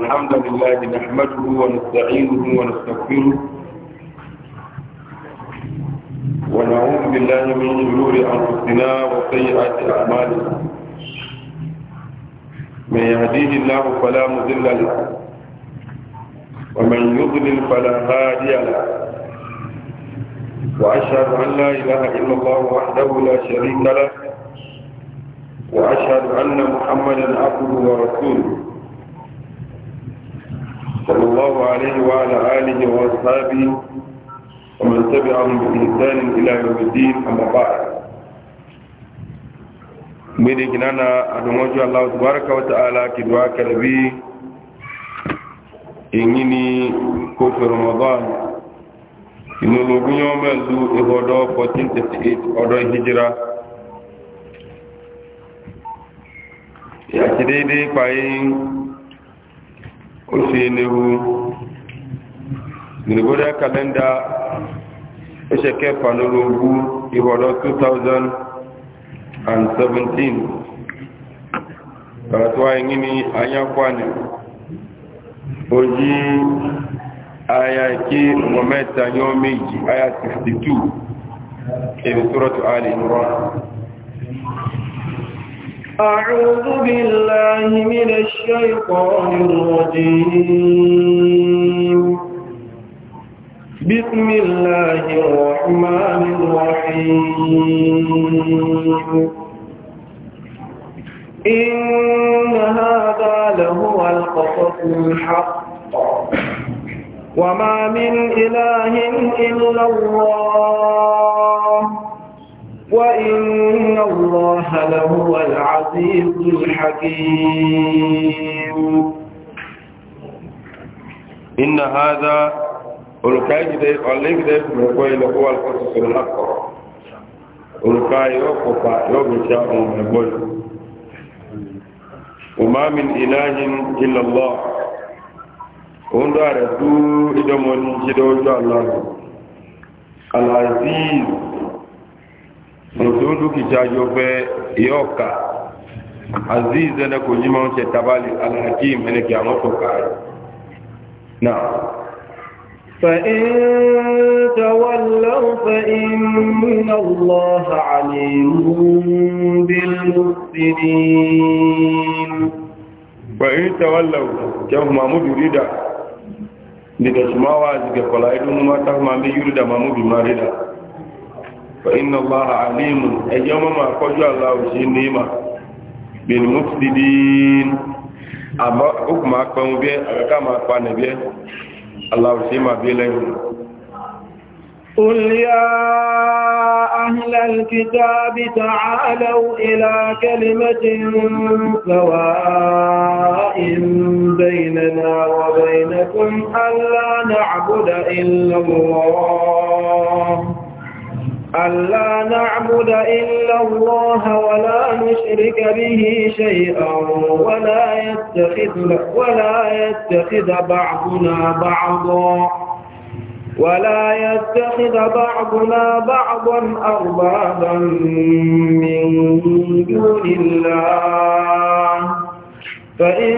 الحمد لله نحمده ونستعينه ونستغفره ونعوذ بالله من شرور انفسنا وسيئات اعمالنا من يهديه الله فلا مضل له ومن يضلل فلا هادي له واشهد ان لا اله الا الله وحده لا شريك له واشهد ان محمدا عبده ورسوله صلى الله عليه وعلى آله وأصحابه ومن تبعهم بإحسان إلى يوم الدين أما بعد mini ginana adumoju allah tabaraka wa ta'ala kidwa kalbi ingini ko fi ramadan inu logun yo melu ihodo 1438 odo hijira ya kidede payin oṣù Gregorian calendar oṣù kẹfà lógún ìwọ̀lọ́ 2017 kàràtọ́ ayé ní ayákwáni ojí aya kí ọmọ mẹ́ta yọ́ méjì aya 62 èbí tó rọ̀tọ̀ alì أعوذ بالله من الشيطان الرجيم بسم الله الرحمن الرحيم إن هذا لهو القصص الحق وما من إله إلا الله وإن الله لهو العزيز الحكيم إن هذا الكاي دي قليك دي مقويل هو القصص الحق الكاي يوقف يوم شاء مقويل وما من إله إلا الله وندو أردو إدمون جدو الله العزيز mutum dukica jobe yoka aziz ne ko jimon ce tabali alhakim ne ke amoto kai na فإن تولوا فإن الله عليم بالمفسدين فإن تولوا كما مجرد لتسمعوا عزك فلا يدوم ما تهما بيرد ما مجمع رده فإن الله عليم أيام ما قجوا الله شنيما بالمفسدين أما حكم أكبر بيه أكاكا ما أكبر بيه الله شنيما بيه قل يا أهل الكتاب تعالوا إلى كلمة سواء بيننا وبينكم ألا نعبد إلا الله ألا نعبد إلا الله ولا نشرك به شيئا ولا يتخذ, ولا يتخذ بعضنا بعضا ولا يتخذ بعضنا بعضا أربابا من دون الله فإن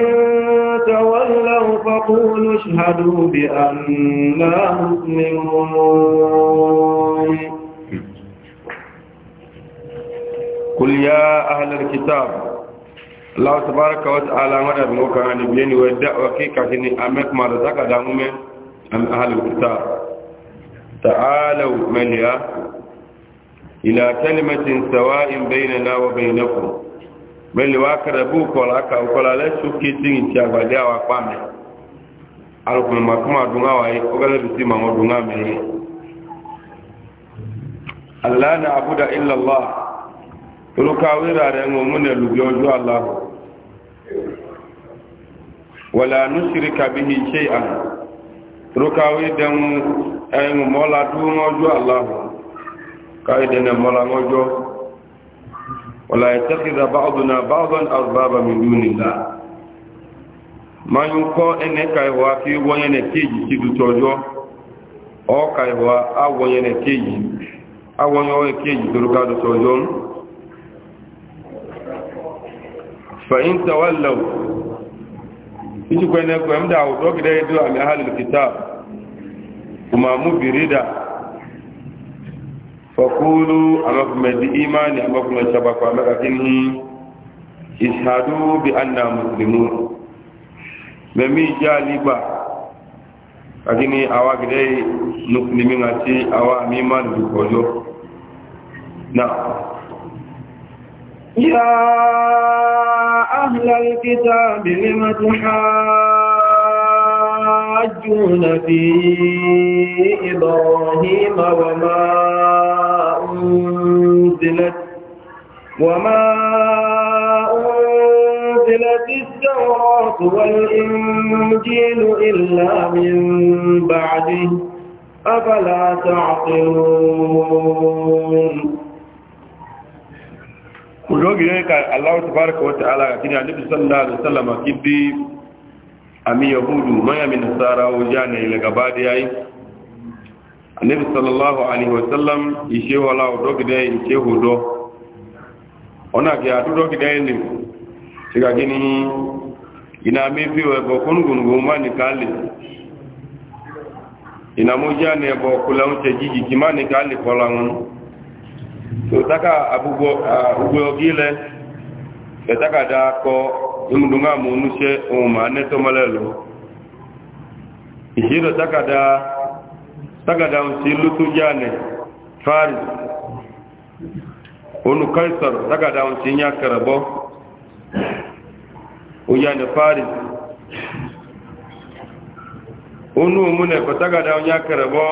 تولوا فقولوا اشهدوا بأننا مسلمون قل أهل الكتاب الله تبارك وتعالى مدد نوكا نبيني ودع وكيكا كني أمك مرزاك دامو من أم أهل الكتاب تعالوا مليا إلى كلمة سواء بيننا وبينكم من لواكربو كولاكا وكولا لشوكي تيني تيابا ديا وقامي alùpùpù màkúmà dùnà wáyé ọgọ́lẹ́bì sí màmọ́ dùnà mẹ́rin aláàna àbúdà ilẹ̀ allah olùkàwéra rẹ̀ ń mú nẹ̀ lùgbé ọjọ́ aláhù wọ̀lá nùsírí kàbíhì ṣe àná olùkàwé dẹ̀mú ẹ̀yìn mọ́lá dúró ọjọ́ aláhù káwé dẹ̀nẹ̀ mọ́lá ọjọ́ wọ̀lá ìtẹ́kìdà báọ̀dùnà báọ̀dùn àrùbábà mi dúró nìlá máa ń kọ́ ẹnẹ́ kàìwá kí wọ́nyẹnẹ̀ kéjì sí dùtọ́jọ́ ọ kàìwá awọ́nyẹnẹ̀ kéjì awọ́nyẹnẹ̀ kéjì torúkà fa'in tawallau iji kwene kwem da hudu gida yi zuwa mai halin kitab kuma mu birida fakulu a makamadi imani a makamadi shabakwa makakin ishadu bi anna muslimun mẹ́mí jẹ́ alígbà kàkí أهل الكتاب لم تحاجون في إبراهيم وما أنزلت وما أنزلت التوراة والإنجيل إلا من بعده أَفَلَا تعقلون ojogi ne ka allahu tabaraka wa ta'ala ga kini annabi sallallahu alaihi wasallam kibbi ami yahudu maya min nasara o jana ile gaba da yayi annabi sallallahu alaihi wasallam ishe wala o dogi da ishe hodo ona ga adu dogi da ni siga gini ina mi fi wa bo kun gun gun ma ni kale ina mo jana bo kula o te jiji kimani kale kolan taka abugo ugbo gile etaka da ko imudunga munuse uma neto malelo ishiro takada, takada taka da usilu tujane faris onu kaisar taka da usinya karabo ujane faris onu mune ko taka da unya karabo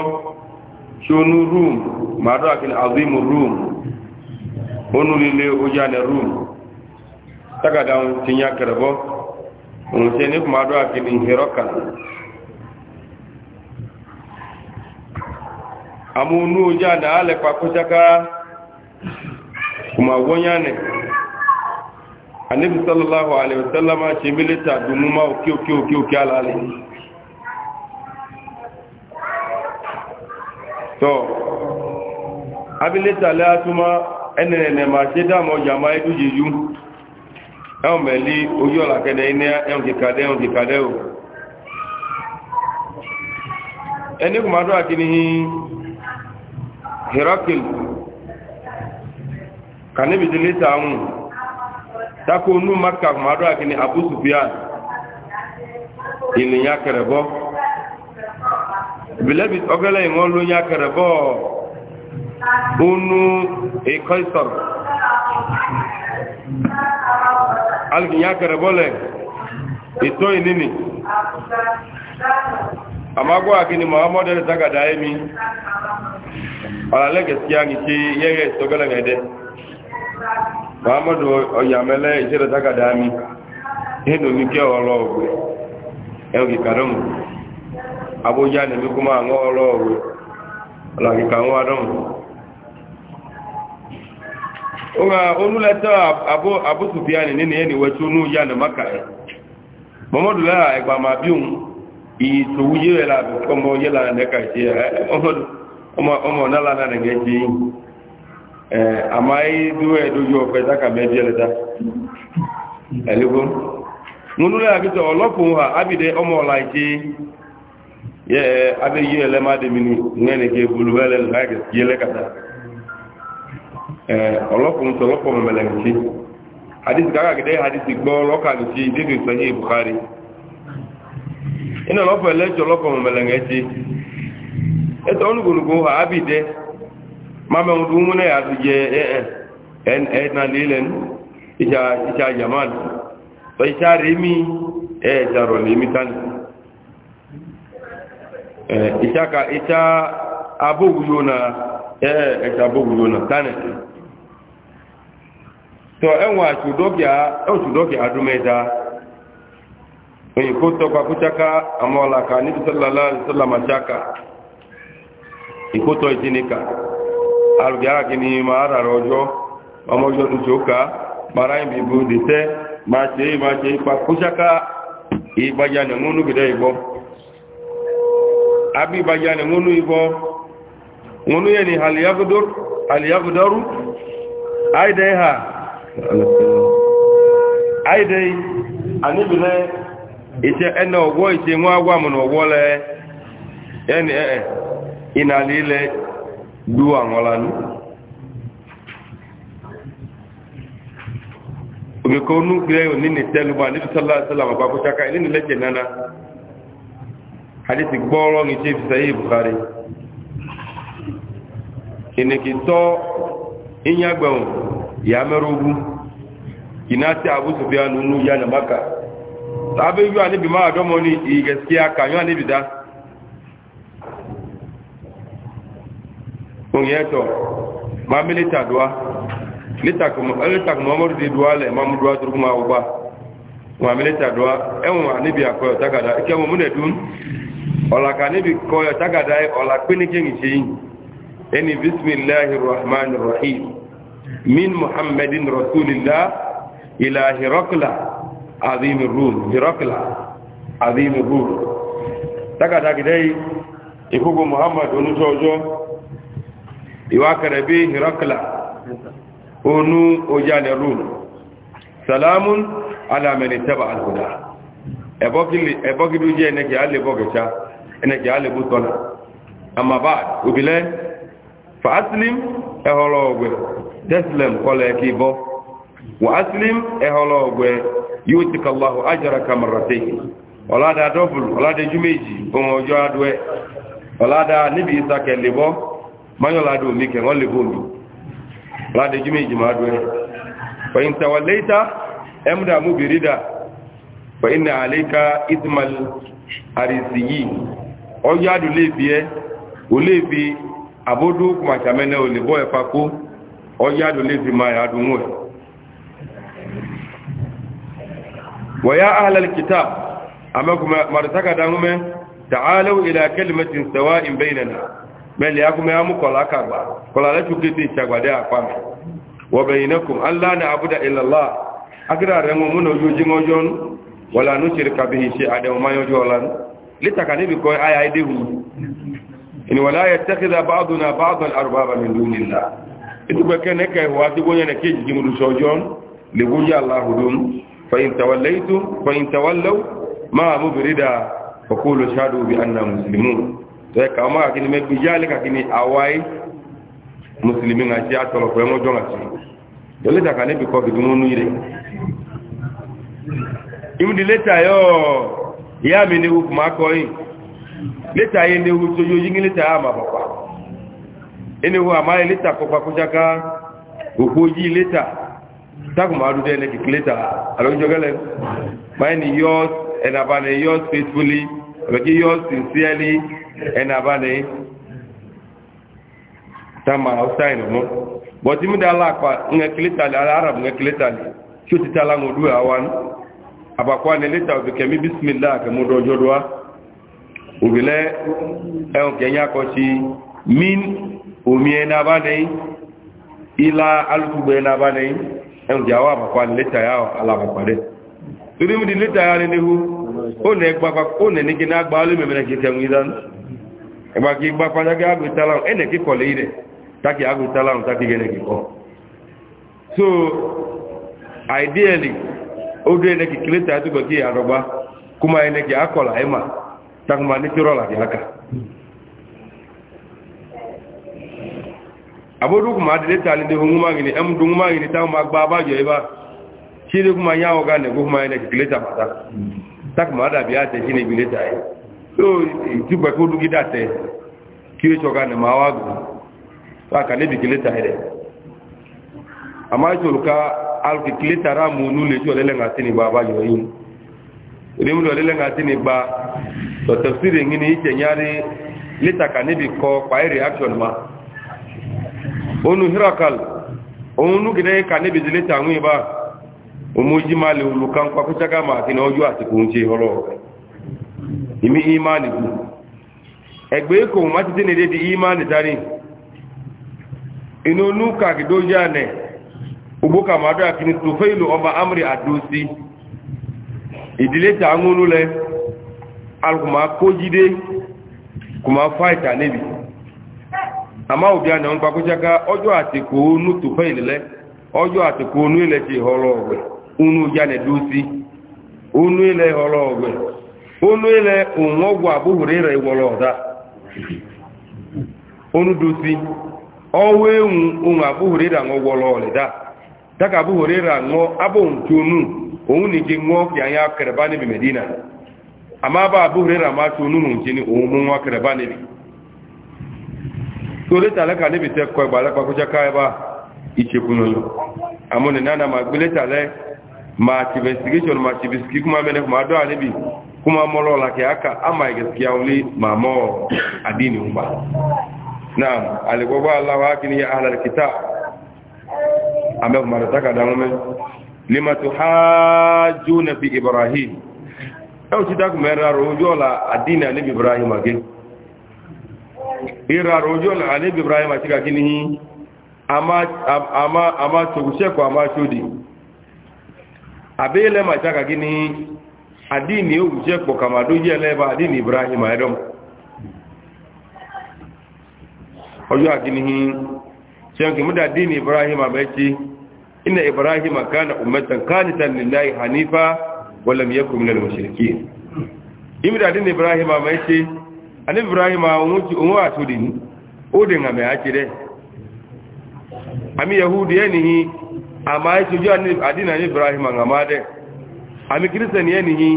shunu rum madu akin azimu rum onulile ojane rum tagada un tinya kerebo un teni kuma do akini hirokan amunu ojane ale kwa kuchaka kuma wonyane anabi sallallahu alaihi wasallama chimilita dumuma okio okio okio okio alale to abilita la tuma ẹnẹ̀nẹ̀ ma ṣe dámọ̀ jàmá ẹdú yíyú ẹwọ̀n mẹ́lí ojú ọ̀làkẹ́dẹ̀ iná ẹwọ̀n kìkàdẹ́ ẹwọ̀n kìkàdẹ́ o ẹni kò máa dọ́wà kí ni ahùn tako onú maka kò máa dọ́wà kí ni abu sufiyan ìlìyàn kẹrẹ̀bọ́ bilẹ́bì ọgẹ́lẹ́ ìwọ̀n ló yàn kẹrẹ̀bọ́ ọ̀ unu ikoisor e, alkin ya bole ito e, inini amma gwa muhammadu da emi alale gaskiya ni ce yere sogala ne de muhammadu oyamele ise da daga da mi hinu ni ke olo ogwe eogi karamu abuja ne kuma an olo ogwe alakika nwa don nga onuleta abu abu ni nini wetu nu ya na maka e momodu la egba ma biun i to wuye la bi komo ye la ne ka je omodu omo omo na la na ne ji eh amai du pe ta ka me je le ta nunu la bi to olopun ha abide omo la ji ye ye le ma de mini ngene ke bulu wele la ye le ka ta Eh, ọlọ́kùnrin tó lọ́pọ̀ mẹ́lẹ̀mẹ́sí hadisi kàkàkìdẹ́ hadisi gbọ́ lọ́kàlùsí dédé sẹ́yìn buhari iná lọ́pọ̀ ẹlẹ́jọ lọ́pọ̀ mẹ́lẹ̀mẹ́sí ẹ̀tọ́ onugbònugbò àábìdẹ́ mamẹ́hun tó múnẹ̀ àtijẹ́ ẹ̀ẹ́nà lílẹ̀ ìṣà jaman tọ́ ìṣà rèémí tánì ìṣà abóhùyó na abóhùyó na tánì tọ ẹnwà ọ̀tùdọ́kì adúmẹ́dá òyìnkó tọpa kúchaka àmọ́ọ̀làkà níbi sọ́làmàchaka ìkótọ̀ ìjíníkà alùgbàrà kì ní máa rárá ọjọ́ ọmọ tuntun ká mara ń dìtẹ́ máa ṣe é máa ṣe ipa kúchaka gẹ̀dẹ́ abí ni àlìyàgùdọ́rù àìdẹ́ ha ayi dai anibi lɛ itse ɛnɛ ɔwɔ itse mu n'ɔwɔ lɛ ɛni ɛɛ eh, eh, inali lɛ du aŋɔla nu omi ko nu kpe oni anibi sɔlɔ sɔlɔ ama kpakpo tsaka ɛni lɛ nana hadisi ni fisa bukari ya merogu ina ti abu sufyan nu ya na maka sabe yu ani bi ma do mo ni i gaskiya ka yu ani ma milita duwa lita ko lita ko mamor di duwa le mamu duwa turu ma uba ma milita duwa e won ani bi akoyo tagada ke mo mune dun ola ka ni bi koyo tagada e ola eni bismillahir rahim من محمد رسول الله إلى هرقل عظيم الروم هرقل عظيم الروم تكاتا كدي يكوكو محمد ونجوجو يواكر به هرقل ونو أجال الروم سلام على من اتبع الهدى eboki duje eneke ale bogecha eneke ale butona amma ba'd ubile fa aslim eholo ogwe تسلم قولك بو وأسلم إهلا يؤتك الله أجرك مرتين ولا دا دوبل ولا دا جميجي بمو جوادوه ولا دا نبي إساك اللي بو ما يلا دو ميك نولي بومي ولا دا جميجي ما دوه فإن توليت أمدا مبردا فإن عليك إثم الأرسيين أو يادو ليبيه وليبي abodu kumachamene olebo efako ọjá ló lè fi máa yàdùn wọ́n wọ́yá ahàlàlìkítà àmẹ́kùnmẹ́ marisakada múmẹ́ tààlẹ́ ilẹ̀ akẹ́lìmẹ́tì sẹ́wà ìbẹ́yìnà mẹ́lẹ̀ akúnmẹ́ amúkọ̀lá kàgbà kọ̀lálẹ́tù kéde ìṣàgbàdẹ́ àpamẹ́ wọ̀bẹ̀yìnẹ́kùn aláàna abúdá ìlàlá agídà rẹ̀ mú múnà ojú jí wọ́n jọ́nu wọ́lá ní ṣe kàbí iṣẹ́ àdẹ̀wọ̀máyọ́jú ọ̀lánú ìtùgbẹ̀kẹ́ nẹ́kẹ́ ìwà tí wọ́n yẹnẹ̀ kéjì jí múlù sọ́jọ́ lè wó yà láhùdùn fàyíntàwàlẹ́wò máa mú bèrè dáa ọkọ̀lù sáàdù bí anna musulmi tó ẹka ọmọ àkíní mẹ́gbẹ̀ yálẹ́ kàkíní àwáyé musulmi nga sí àtọ̀lọ̀ pẹ̀lú ọjọ́ àti lórí ìtàkà níbi kọ́ bìbí mú enehu amaye leta kɔkpa kutsaka gbogbo yi leta takuma adu dɛ nekik leta alo ŋdzɔ gɛlɛ maye ni yours and abane yours faithfully abeke sincerely and abane tama ɔsayi nono bɔti mi da ala arab ŋa kileta li tso ti ta la ŋo du awan abakwa ne leta obi min. omie na abanei ila n'aba na abanei ẹnjẹ awọ àpapà lẹ́tà yà àlà àpapà dẹ torí mi di lẹ́tà yà nínú ó nẹ gbapá ó nẹ ní kí ní agbá lé mẹ́mẹ́rẹ́ kí kẹmú ìdán ẹgbà kí gbapá jákè àgbè tálàmù ẹnẹ kí kọ̀ kọ́ so ideally ó dé ẹnẹ yà tó gbẹ kí kó máa ẹnẹ ẹ̀ takùmá abodu kuma adile tani de hunguma ngini em dunguma ngini ta ma gba ba jo eba chile kuma nyawo ga ne kileta pata tak ma da biya bileta e. so ti gba ko dugi date kire cho ga ne ma wa gu ta ka ne bi kileta ere ama to ka al ki kileta ra mu nu le jo le tafsiri ngini ite nyari lita ka bi ko kwa reaction ma onu hirakal onu gine ka ne bizile ta nwi ba umuji mali ulukan kwa kuchaka ma na oju ati kunche horo imi imani ku egbe ko ma ti ne di imani tari inu nuka gidoja ne ubuka madu kini tufailu oba amri adusi idile ta ngunu le alkuma kojide kuma fight n'ebi. ama obi anya mkpakwụchaka ọjọọ atịkọ onu tụfa ilele ọjọọ atịkọ onu ilechi họrọ ọgwe unu ya na-edusi onu ile họrọ ọgwe ile onwe ọgwụ abụghụrụ ire wọrọ ọda onu dusi ọwa enwu onwe abụghụrụ ire aṅụ gwọrọ abụghị nke onu onwu na ike ṅụọ medina ama abụ abụghụrụ ire amasị na nwa toleta alẹ́ kàníbi tẹ kọ ìgbà alẹ́ pàkójá káyẹ́bá ìṣèkùnà lọ àmọ́ ní nánà máa gbéleta alẹ́ máa ti investigation máa ti bisiki kúmá mẹ́lẹ́ kúmá dọ́ àníbi kúmá mọ́lọ́ làkẹ́ àkà àmà ìgẹ̀sìkì àwọlé máa mọ́ àdínì ńgbà náà àlẹ́gbọ́gbọ́ aláwọ̀ akíní àhàlẹ̀ kìtà àmẹ́kùmá rẹ̀ sákàdá wọn mẹ́ lima tó ira rojo la ibrahim ati ka kini ama ama ama toguse ko ama sodi abele ma ta ka kini adini o guse ko kama do je le ba adini ibrahim ayedom ojo akini sen ki muda dini ibrahim abechi inna ibrahim kana ummatan qanitan lillahi hanifa wa lam yakun minal mushrikeen imda dini ibrahim abechi ani ibrahim òun wà tó dìní ó dè ngàmẹ̀ àti rẹ̀ àmì yahudi ẹnìyí àmà ìṣojú àdínà ní ibrahim àngàmá dẹ̀ àmì kírísẹ̀nì ẹnìyí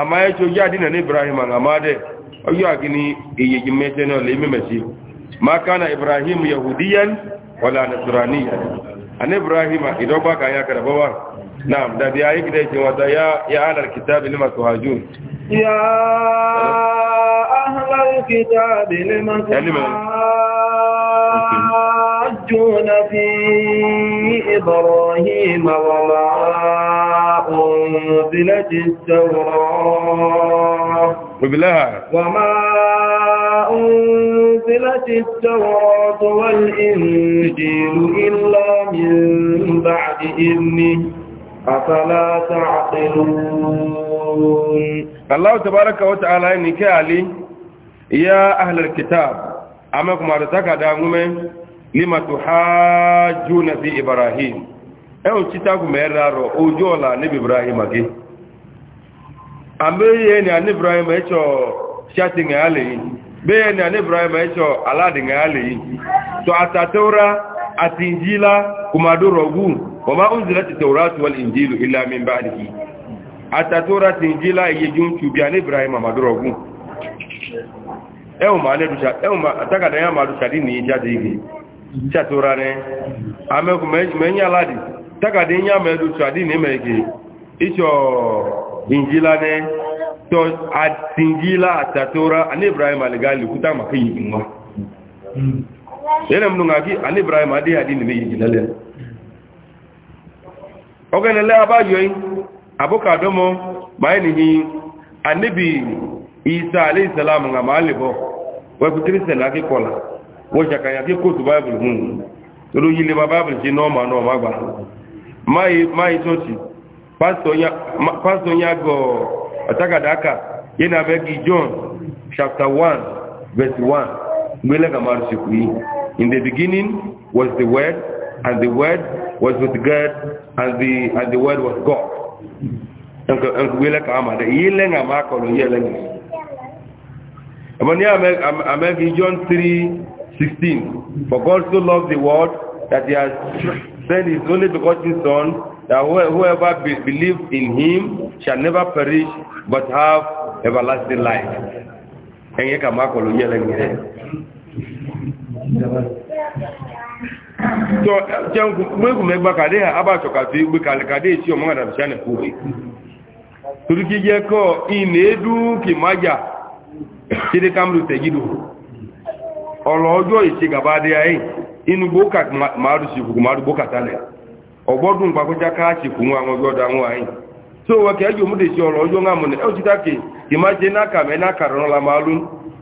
àmà ìṣojú àdínà ní ibrahim àngàmá dẹ̀ ọjọ́ àgíní iye mẹ́tẹ́ náà lè mẹ́mẹ́sí ma kana ibrahim yahudiyan wala nasraniyan ani ibrahim ìdọ́gbà kàyà kàdàbọ́wà نعم ده دي آيك دي يا, يا أهل الكتاب لما تهاجون يا أهل الكتاب لما يعني تهاجون في إبراهيم وما أنزلت التوراة وبلها وما أنزلت التوراة والإنجيل إلا من بعد إذنه afala ta'qilun Allah tabaaraka wa ta'ala ni ke ali ya ahli alkitab ama kuma rataka da ngume lima tuhajjuna fi ibrahim e o chita ku meraro ojo la ni ibrahim age ambe ye ni ani ibrahim e cho chatting ali be ye ni ani ibrahim e cho aladi ngali to atatora àti ìjìlá kùmàdúrọ̀ ogun wọ́n máa ń zìlá ti tẹ̀wọ́rá tí wọ́n ìjìlú ilá mi bá nìyí àtàtọ́rá ti ìjìlá iyejú ń tù bí a ní ibrahim àmàdúrọ̀ ogun ẹ̀hùn àtàkàdá yà máa dùsàdí ní ìjáde igi ṣàtọ́rá rẹ̀ amẹ́kùn mẹ́yìn aládì tàkàdá yà máa dùsàdí ní mẹ́ẹ̀kì tọ́ àtìjìlá àtàtọ́rá ní ibrahim alìgá lè kútà màkì yẹnna mu nungaki ani ibrahim adi adi ni meyi jina lẹ ọgẹni lẹ abayọ yi aboka dọmọ maa ni hin anibi isa alayhi salam nga maa le bọ wọ́n fi kristian aki kọla wọ́n ṣàkàyà kí kóòtù bible hùn tolu yìí leba báyìbùlù ṣe nọ́ọ̀mà nọ́ọ̀mà gbà máa yìí ṣọ́ọ̀ṣì pásítọ̀ yà gọ̀ ọ̀tàkàdàkà yẹn na bẹ́ẹ̀ john chapter one verse one gbẹ́lẹ́ kàmáà ṣe In the beginning was the Word, and the Word was with God, and the, and the Word was God. we like in John 3:16. For God so loved the world that he has sent his only begotten Son, that whoever be, believes in him shall never perish but have everlasting life. gbẹ́gùn mẹ́gbà kàdé àbájọ kàtó igbé kalẹ̀ kàdé tí ọmọ àdàbì sí ànẹ̀kú rẹ̀ torí kí jẹ́ kọ́ ìnà ka kì májà ṣídé kámlù tẹ̀gídò ọ̀lọ́ ọjọ́ ìṣe gàbá adé ayé inú bókà márùn sí kùkù márùn bókà tálẹ̀ ọgbọ́dún pàkójá káàkì fún àwọn ọjọ́ ọdọ àwọn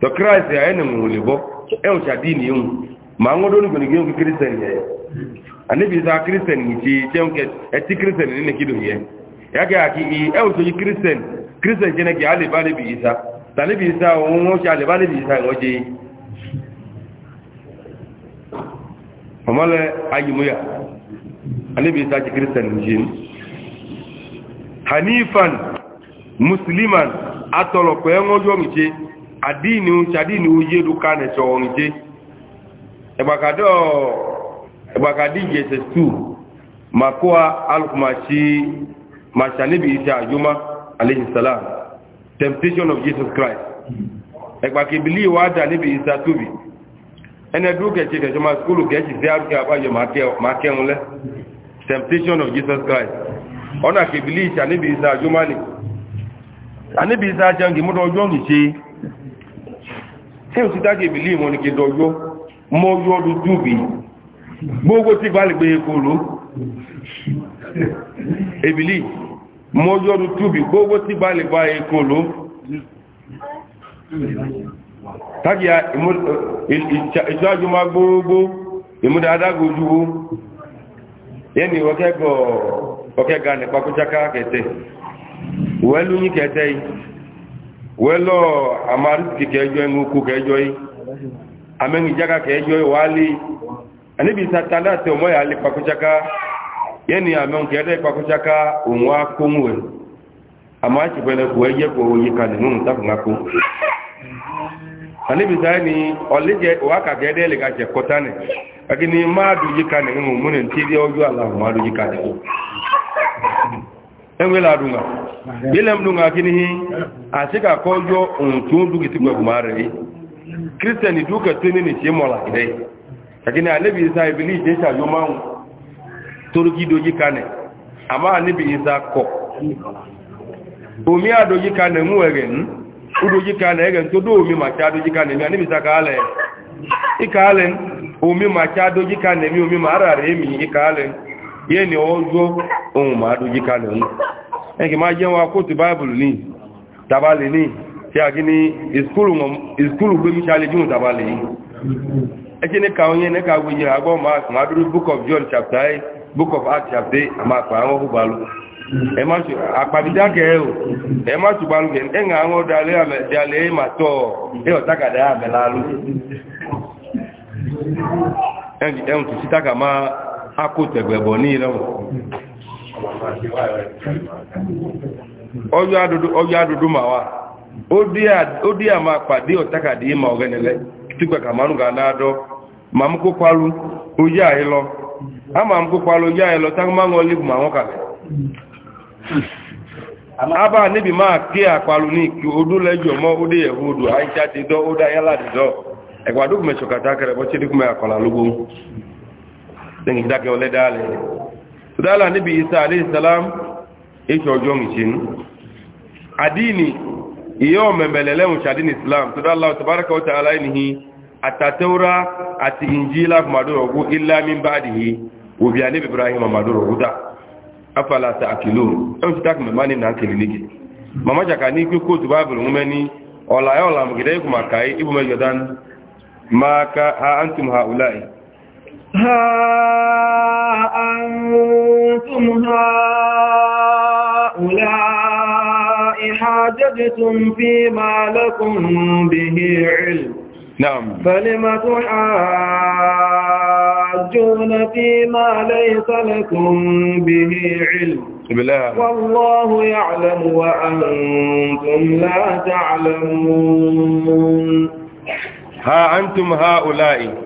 to kraịst ya ene nwere bụ ewucha din iwu ma nwụdo onugbo na kristian ya anabita kristian nchi chenke eti kristian nene kido ya ya ke aki i ewucha ji kristen kristian jene gị aliba alibi isa talibi isa onwe oche aliba alibi isa nga oche omale ayimu isa hanifan musliman mi àdínì ṣàdínì oyé lókà nẹ̀ṣọ́ orin jẹ́ ẹgbàkàdọ́ ẹgbàkàdí jẹ́sẹ̀ tù ma kó a alùpùmáṣí ma ṣàníbi iṣẹ́ àjọmá aléjìsàlám temptation of jesus christ ẹgbàkìbìlì wà dà níbi iṣẹ́ tóbi ẹni ẹdún kẹ̀ṣẹ̀ kẹ̀ṣẹ̀ ma skúlù kẹ̀ṣì sí àrùkẹ́ àbáyọ ma kẹ́hun lẹ́ temptation of jesus christ ọ̀nà kìbìlì ṣàníbi iṣẹ́ àjọmá ni àníbi iṣẹ́ àjọmá ni mo dọ̀ ọjọ́ tí o ti dájú ìbílí ìwọ̀n ní kìdọ̀ yó mọ́ yó ọdún júbì gbogbo tí bá lè gbé epo ló ìbílí mọ́ yó ọdún júbì gbogbo tí bá lè gbá epo ló tàbí ìjọ́jú máa gbogbo ìmúdá adágójúwó yẹni ọkẹ́gọ̀ ọkẹ́gà nípa kẹtẹ wẹ́lọ́ àmàrísìkì kẹjọ ẹnu kú kẹjọ yìí àmẹ́rin jága kẹjọ wà lè ẹnibi sátánà tẹ ọmọ yà lè pàkúṣáká yẹni àmẹ́rin kẹjọ pàkúṣáká òun wá kóhùn ẹ̀ àmà ìṣẹ̀fẹ̀lẹ̀kù ẹjẹ́ kò yí kalẹ̀ nínú táfùmákó ẹnibi sáyẹ́ ni ọ̀lẹ́jẹ wákà kẹjọ lè gàjẹ kọtánì akíní máa dùn yí kalẹ̀ nínú múnẹ̀ tí ó yọ àlàmù máa dùn yí kalẹ̀ enwela dunga bilem dunga kinihi asika kojo untu dugi tikwa kumare kristeni duka tuni ni chimo la kide lakini anabi isa ibili jesha yoma turuki doji kane ama anabi isa ko omi adoji kane mu egen udoji kane egen to do omi macha doji kane mi anabi isa kale ikale omi macha doji kane mi omi marare mi ikale yẹ́ ni ọjọ́ ohun ma dójí kalẹ̀ ní ẹkì máa jẹ́ wọn kóòtù báìbùlù ní tàbálẹ̀ ní tí a kí ní ìskúlù gbé mísàlẹ̀ jíun tàbálẹ̀ yìí ní kàwọn yẹn nẹ́ka gbé yẹ agbọ́ ma dúró book of john chapter book of acts chapter 8 àmà àpà àwọn ọkùnbà o. ẹ má àwọn àmẹ́lá máa akótẹ̀gbẹ̀bọ̀ ní ìrẹ̀wọ̀n ọjọ́ adúdú ma wá ó dí àmà pàdé ọ̀tákàdé ma ọ̀gẹ́nilẹ́ tí pẹ̀kà márùn-ún náàdọ́ ma mú kó pálú ojú àyí lọ a ma mú kó pálú ojú àyí lọ tánkù má wọ́n lè gùnmọ̀ àwọn kàlẹ̀ a bá níbi má kí àpálú ní lẹ́yìn ìdákẹ́ ọlẹ́ dáálẹ̀ sọdálà níbi isa aléìsàlám ètò ọjọ́ ìṣẹ́nu Adini iyo ọ̀mẹ̀mẹ̀lẹ̀ lẹ́hùn ṣàdínì islam sọdálà tàbárakà ọ̀tà aláìníhì àtàtẹ́wọ́rá àti ìjìlá màdúrọ̀gú ilámi báàdìhì òbí àníbi ibrahim màdúrọ̀gú dà afala ta àkìlò ẹ̀hùn ti tákì mẹ́má nínú àkìlì nígi màmá jàkà ní pé kóòtù báàbìlì ń mẹ́ni ọ̀là ẹ̀ ọ̀là mùgìdẹ́ ikùn màkàí ibùmẹ́yọ̀dán máa ka ha antum ha ulai ها أنتم هؤلاء حاججتم فيما لكم به علم نعم فلم تحاجون فيما ليس لكم به علم بالله والله يعلم وأنتم لا تعلمون ها أنتم هؤلاء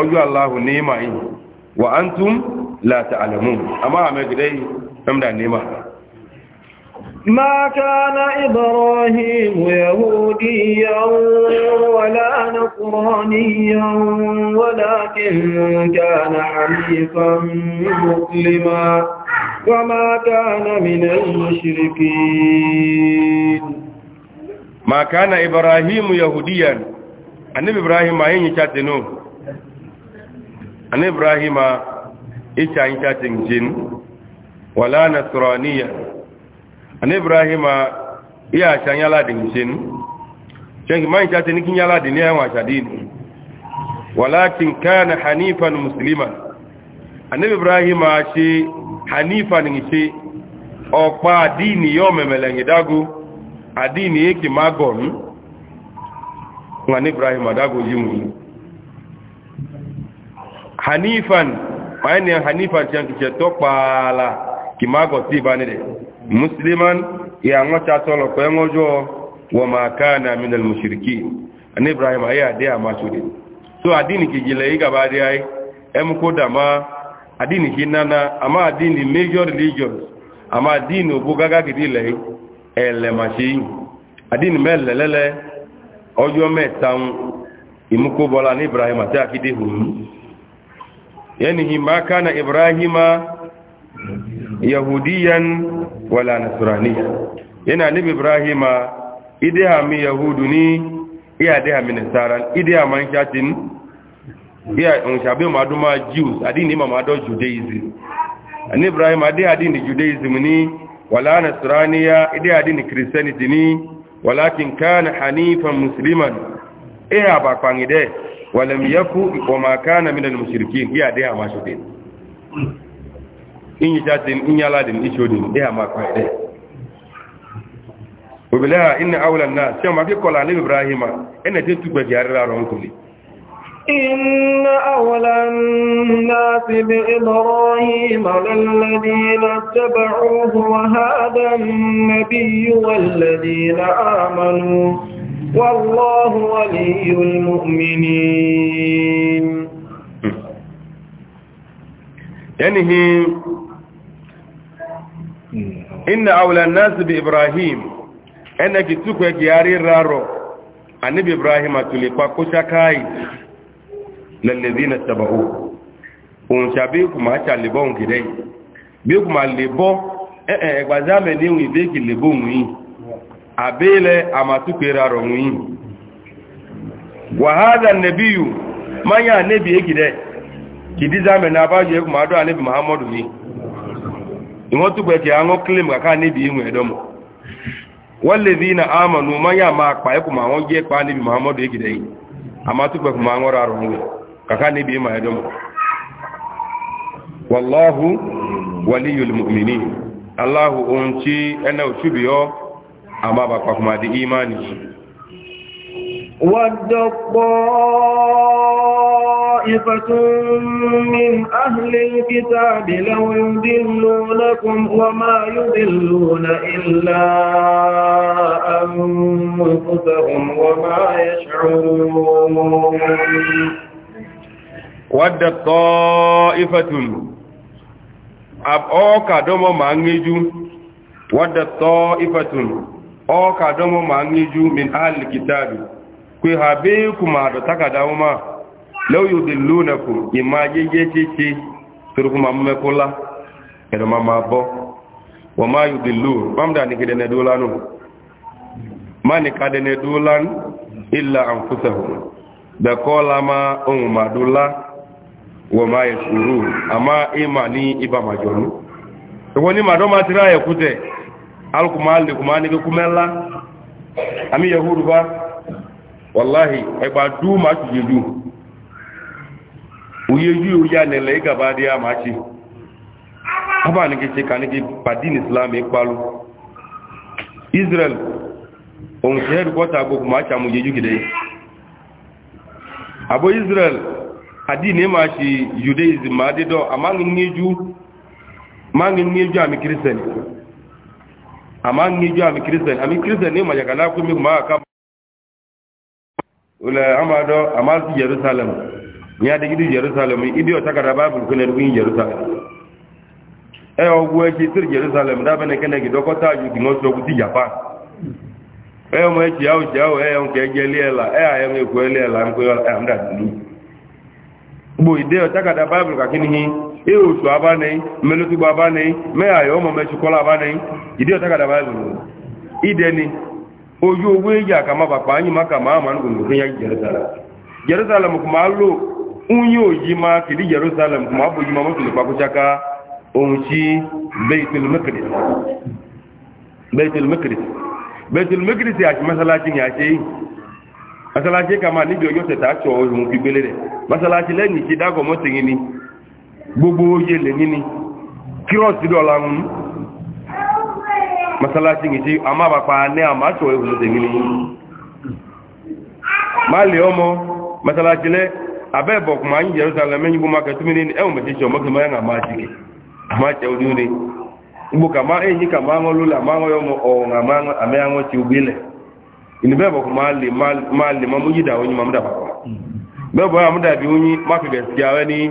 ọjọ́ aláhùn ní ìmà yìí wà á ń tún láti àlẹ̀mú àmá àmẹ́gidẹ́ yìí fẹ́mdà ní ìmà ما كان إبراهيم يهوديا ولا نصرانيا ولكن كان حنيفا مسلما وما كان من المشركين ما كان إبراهيم يهوديا النبي إبراهيم ما ينشأ an ibrahima ita ita tinjin wala nasraniya an ibrahima iya ta yala dinjin shanki man ta tinikin yala dini ya wasa dini walakin kana hanifan musliman annabi ibrahima shi hanifan shi ọ̀pá àdínì yọ́ mẹ̀mẹ̀lẹ̀ ìdágó àdínì èkì mágọ̀rún wọn ní ibrahim àdágó yìí mú yìí hanifan mayani hanifan ti yanki ce to kpaala ki ma gọ si bani de musliman ya ŋo ca tolo ko ŋo jo wa ma kana min al mushriki ani ibrahim ayi ade ama suri so adini ki jile yi gaba de ai adini ki nana major religions ama adini obo ele ma se adini melelele ojo meta imuko ni ibrahim ati akide yanihi ma kana ibrahima yahudiyan wala nasraniya yana nabi ibrahima ideha mi yahudu ni iya deha mi nasara ideha man shatin iya unshabe ma duma jews adini ma ma do judaism ani ibrahima deha adini judaism ni wala nasraniya ideha adini christianity ni walakin kana hanifan musliman iya ba pangide walam yaku wa ma kana min al-mushrikin ya da ma shi din in yi jatin in yala din isho din da ma kai dai wa bilaha inna awla an-nas fi qala li ibrahima inna tintu ba jari la ron kuli إن أولى الناس بإبراهيم للذين اتبعوه وهذا النبي والذين آمنوا والله ولي المؤمنين ينهي إن أولى الناس بإبراهيم أنك تكوك ياري رارو النبي إبراهيم تلقى كشكاي للذين اتبعوه òǹṣàbíkù máa ṣàlèbọ́ òǹkìdẹ́yìn bí ó kù máa lè bọ́ ẹ̀ẹ̀gbàzámẹ̀ ní ìbéèkì lè bóhùn yìí abele amatukere aronwi wa hadha nabiyu manya nabi egide kidiza me na baje ku madu anabi muhammadu ni inwo tugbe ke anwo claim ka anabi inwe edomo walladhina amanu manya ma pa ku ma won je pa anabi muhammadu egide yi amatukbe ku ma ngora aronwi kaka anabi ma edomo wallahu waliyul mu'minin allah unchi ana uchubiyo amma ba kwa kuma da imani wadda طائفتهم من أهل الكتاب لو يضلونكم وما يضلون إلا أنفسهم وما يشعرون ود الطائفة أبعوك دوما معنجو ود الطائفة Ọ ka domo ma niju min ahli kitabi ku ha be ku ma do takada uma law yudillunakum imma jeje titi turku ma me kula edo ma mabo wa ma yudillun mamda ni kede ne dolanu mani kade ne dolan illa anfusahum da kola ma on ma dola wa ma yashurun ama imani iba majonu woni ma do ma tira yakute alukuma alikuma nege kumela ami yahudu ba wallahi egba du ma tuje du uye ju uya nele igaba dia ma chi aba nege che kanige padin islam e palu israel on head quarter go kuma cha mu jeju gide abo israel adini e ma chi judaism ma dido amangi ngeju mangi ngeju ami christian ama ngijo ami kristian ami kristian ni majakala ko mi ma ka ula amado amal ti jerusalem nya de gidi jerusalem idi o takara bible ko ne du jerusalem e o gwe ti sir jerusalem da bene kene gido ko ta ju dingo so ti japan o me ti awo ti o ke je lela e a e me ko lela nko am da du bo ide o takara bible ka ihe otu abanị mmelụtugbo abanị meghaghị ụmụ mechukọla abanị jide ọtakada baịbụl ideni ojú owó èyí aka yìí má kà ma ama gbogbo ya yẹn jerusalem jerusalem kò máa lò ń yóò yí ma kedu jerusalem kò máa ji ma mọ́tò lè pakúṣáká ohun tí bẹ́ẹ̀tẹ̀lú mẹ́kìrìsì bẹ́ẹ̀tẹ̀lú mẹ́kìrìsì masalachi masalasi ni gbogbo oyè lè níní kírọ̀sì dọ̀la ń masalasi nìtí amábàpá ní àmàtọ̀ ìwòlò tèmi ní má lè ọmọ masalasi lẹ abẹ́ ìbọ̀kùn máa ń yẹ̀rọ sàlẹ̀ mẹ́yìn bó máa kẹtù mí ní ẹ̀wọ̀n mẹ́tí sọ mọ́kì mọ́yàn àmà àti àmà àti ọdún ní gbogbo kà máa èyí kà máa ń lólè àmà àwọn ọmọ ọ̀hún àmì àwọn ti ogbé lẹ̀ ìnibẹ́ ìbọ̀kùn bẹ́ẹ̀ bọ́ àmúdàbí oyin má fi bẹ̀ sí ara ní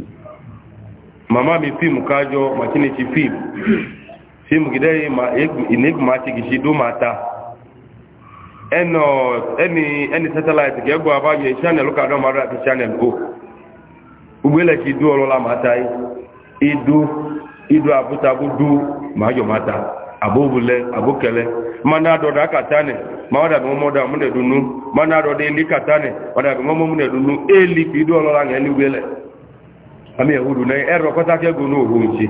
mama mi fíìmù kájọ màkíni ti fíìmù fíìmù gidẹ yìí ma enigma ti kìí dó máa ta ẹnọ ẹni ẹni satellite gẹgbọ abájọ channel kàdọ máa dọ àti channel o ugbélé ti dó ọlọlá máa ta yìí idó idó abútabú dó máa jọ máa ta abóbulẹ abókẹlẹ mana dọdọ akatane máa dàbí wọn mọdà múnẹdùnú mana dọdọ ẹni katane wọn dàbí wọn mọmúnẹdùnú éèlì kìí dó ọlọlá yẹn ní ugbélé. àmì ẹ̀hùrù ní ẹ̀rọ kọ́tàkẹ́gùn ní òhun tí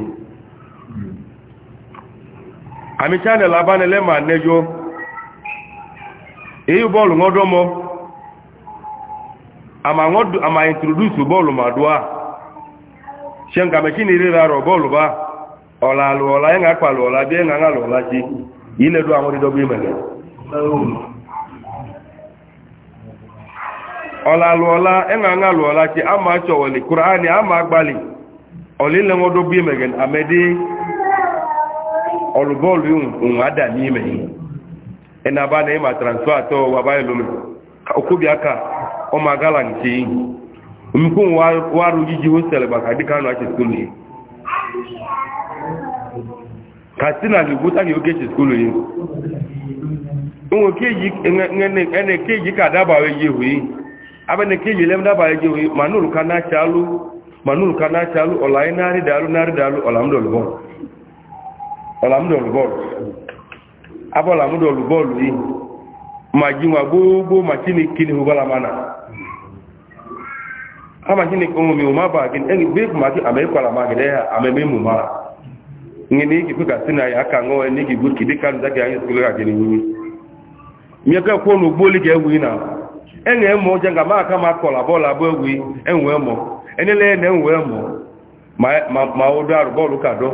àmì ṣáàlẹ̀ lábánilẹ́mà nẹ́yọ́ èyí bọ́ọ̀lù ọdọ́mọ́ àmà ìtìrùdúsù bọ́ọ̀lù màdúwà ṣe ń gàmẹ̀ kí ní ríra rọ̀ bọ́ọ̀lù bá ọ̀làlù ọ̀lá ẹ̀ngà pàlù ọ̀lá bí ẹ̀ngà ọ̀lá sí ilẹ̀dù àwọn ìdọ́gbé mẹ́lẹ̀ ọla alụọla ịṅaṅa alụọla chi ama chọwali kurani ama na, ọlile nwodo bi megen amedi ọlụbọọlụ nwa ada n'ime Ị na aba na-enye ịma transfer atọ waba ilomi okobi aka ọmagala nke ihu omikwu warụ iji hostel maka dịka anụ achị ya na taghị oge chi ya nwoke eji ka adabawa eji ihu ihu abene kiji lem da baye jowi manul kana chalu manul kana chalu olai nari dalu nari dalu olamdo lugo olamdo lugo abola mudo lugo lui majiwa gbogbo machini kini hubala mana ama kini komo mi uma ba kin en be kuma ki ame kwala ma gede ya ame me mu ma ngini ki kuka sina ya ka ngo ni ki gut ki dikan zaka ya skulu ga gini ni enwe eme je nga ma kola bola bo egwu enwe mo enele na enwe mo ma odo aru bolu kado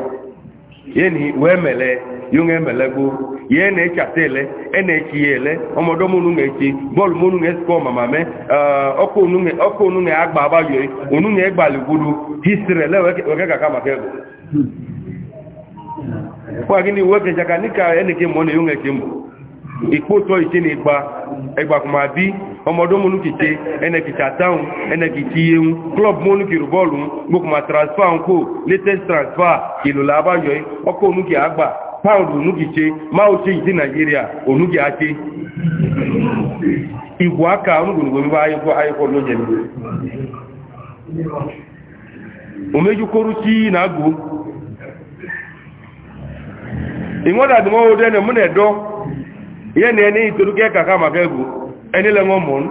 yeni we mele yunge emele gbo ye na echata ele ena echi ya ele ọmọdọ munu nga echi bọọlụ munu nga esikọ mama me ọkụ unu nga agba agbayọ ọmọdún mọ́nú kìíṣe ẹnẹkìíṣe àtàwọn ihe iye ń club mọ́nú kìí bọ́ọ̀lù ń gbogbo ma transfer ń kó latest transfer kìlò làbáyọ ọkọ̀ onúkì àgbà pound onúkìíṣe máa ó ṣe ìdí nàìjíríà onúkì àṣe aka onúgbòǹgbò bí wá ayékọ́ ayékọ́ ló jẹ òmejì kóru sí nàgbò ìwọ́n dàdúmọ́ ó dẹ́nu múnẹ̀dọ́ yẹ́nì enile ŋo mun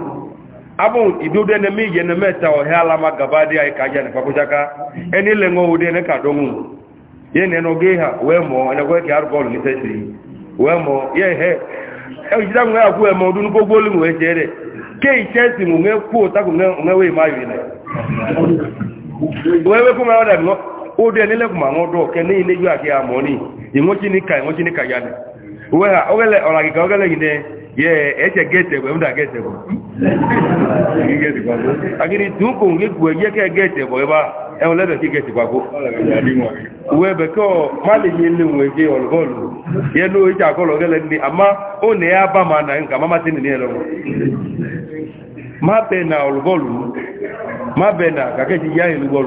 abo idude ne mi yene meta o hala magaba dia ikaja ne pakuchaka enile ŋo ude ne kadongu yene no geha wemo ne kwe ki argol ni sesiri wemo ye he e jida ŋo ya kuwe e ke ku ta ma yine wewe ke ni ne yu akia moni ingo chini ka ingo ka wẹ́hà ọgẹ́lẹ̀ ọ̀rọ̀ àkíkà ọgẹ́lẹ̀ yìí dẹ yẹ ẹ̀ṣẹ̀ gẹ́ẹ̀tẹ̀ bọ̀ ẹ̀múdà gẹ́ẹ̀tẹ̀ bọ̀ àkíní tún kò ń gẹ́kù ẹ̀yẹ́ kẹ́ gẹ́ẹ̀tẹ̀ bọ̀ ẹ̀bá ẹ̀hún lẹ́bẹ̀ kí gẹ́ẹ̀tẹ̀ pàkó wẹ́ bẹ̀ kọ́ má lè yé léwu ẹ̀jẹ̀ ọ̀lọ́gọ́ọ̀lù yẹ ló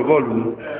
ẹ̀jẹ̀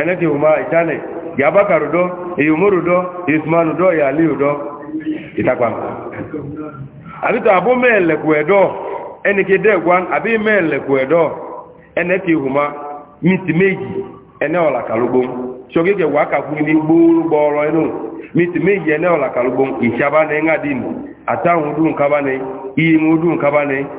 ẹnẹ́kì ọmọ ìjánẹ̀ yàbákàrù dọ́ èyòmórù dọ́ ìsùmánù dọ́ ìyàlẹ́yò dọ́ ìtàgbà àbítọ̀ àbó mẹ́ẹ̀lẹ̀kù ẹ̀dọ́ ẹnìkì dẹ́gbọ́n àbí mẹ́ẹ̀lẹ̀kù ẹ̀dọ́ ẹnẹ́kì ọmọ mìtì méjì ẹnẹ́ ọ̀làkàlógbó ṣọ́gẹ́gẹ́ wà kàfún ní gbóòrùgbọ́ ọ̀rọ̀ inú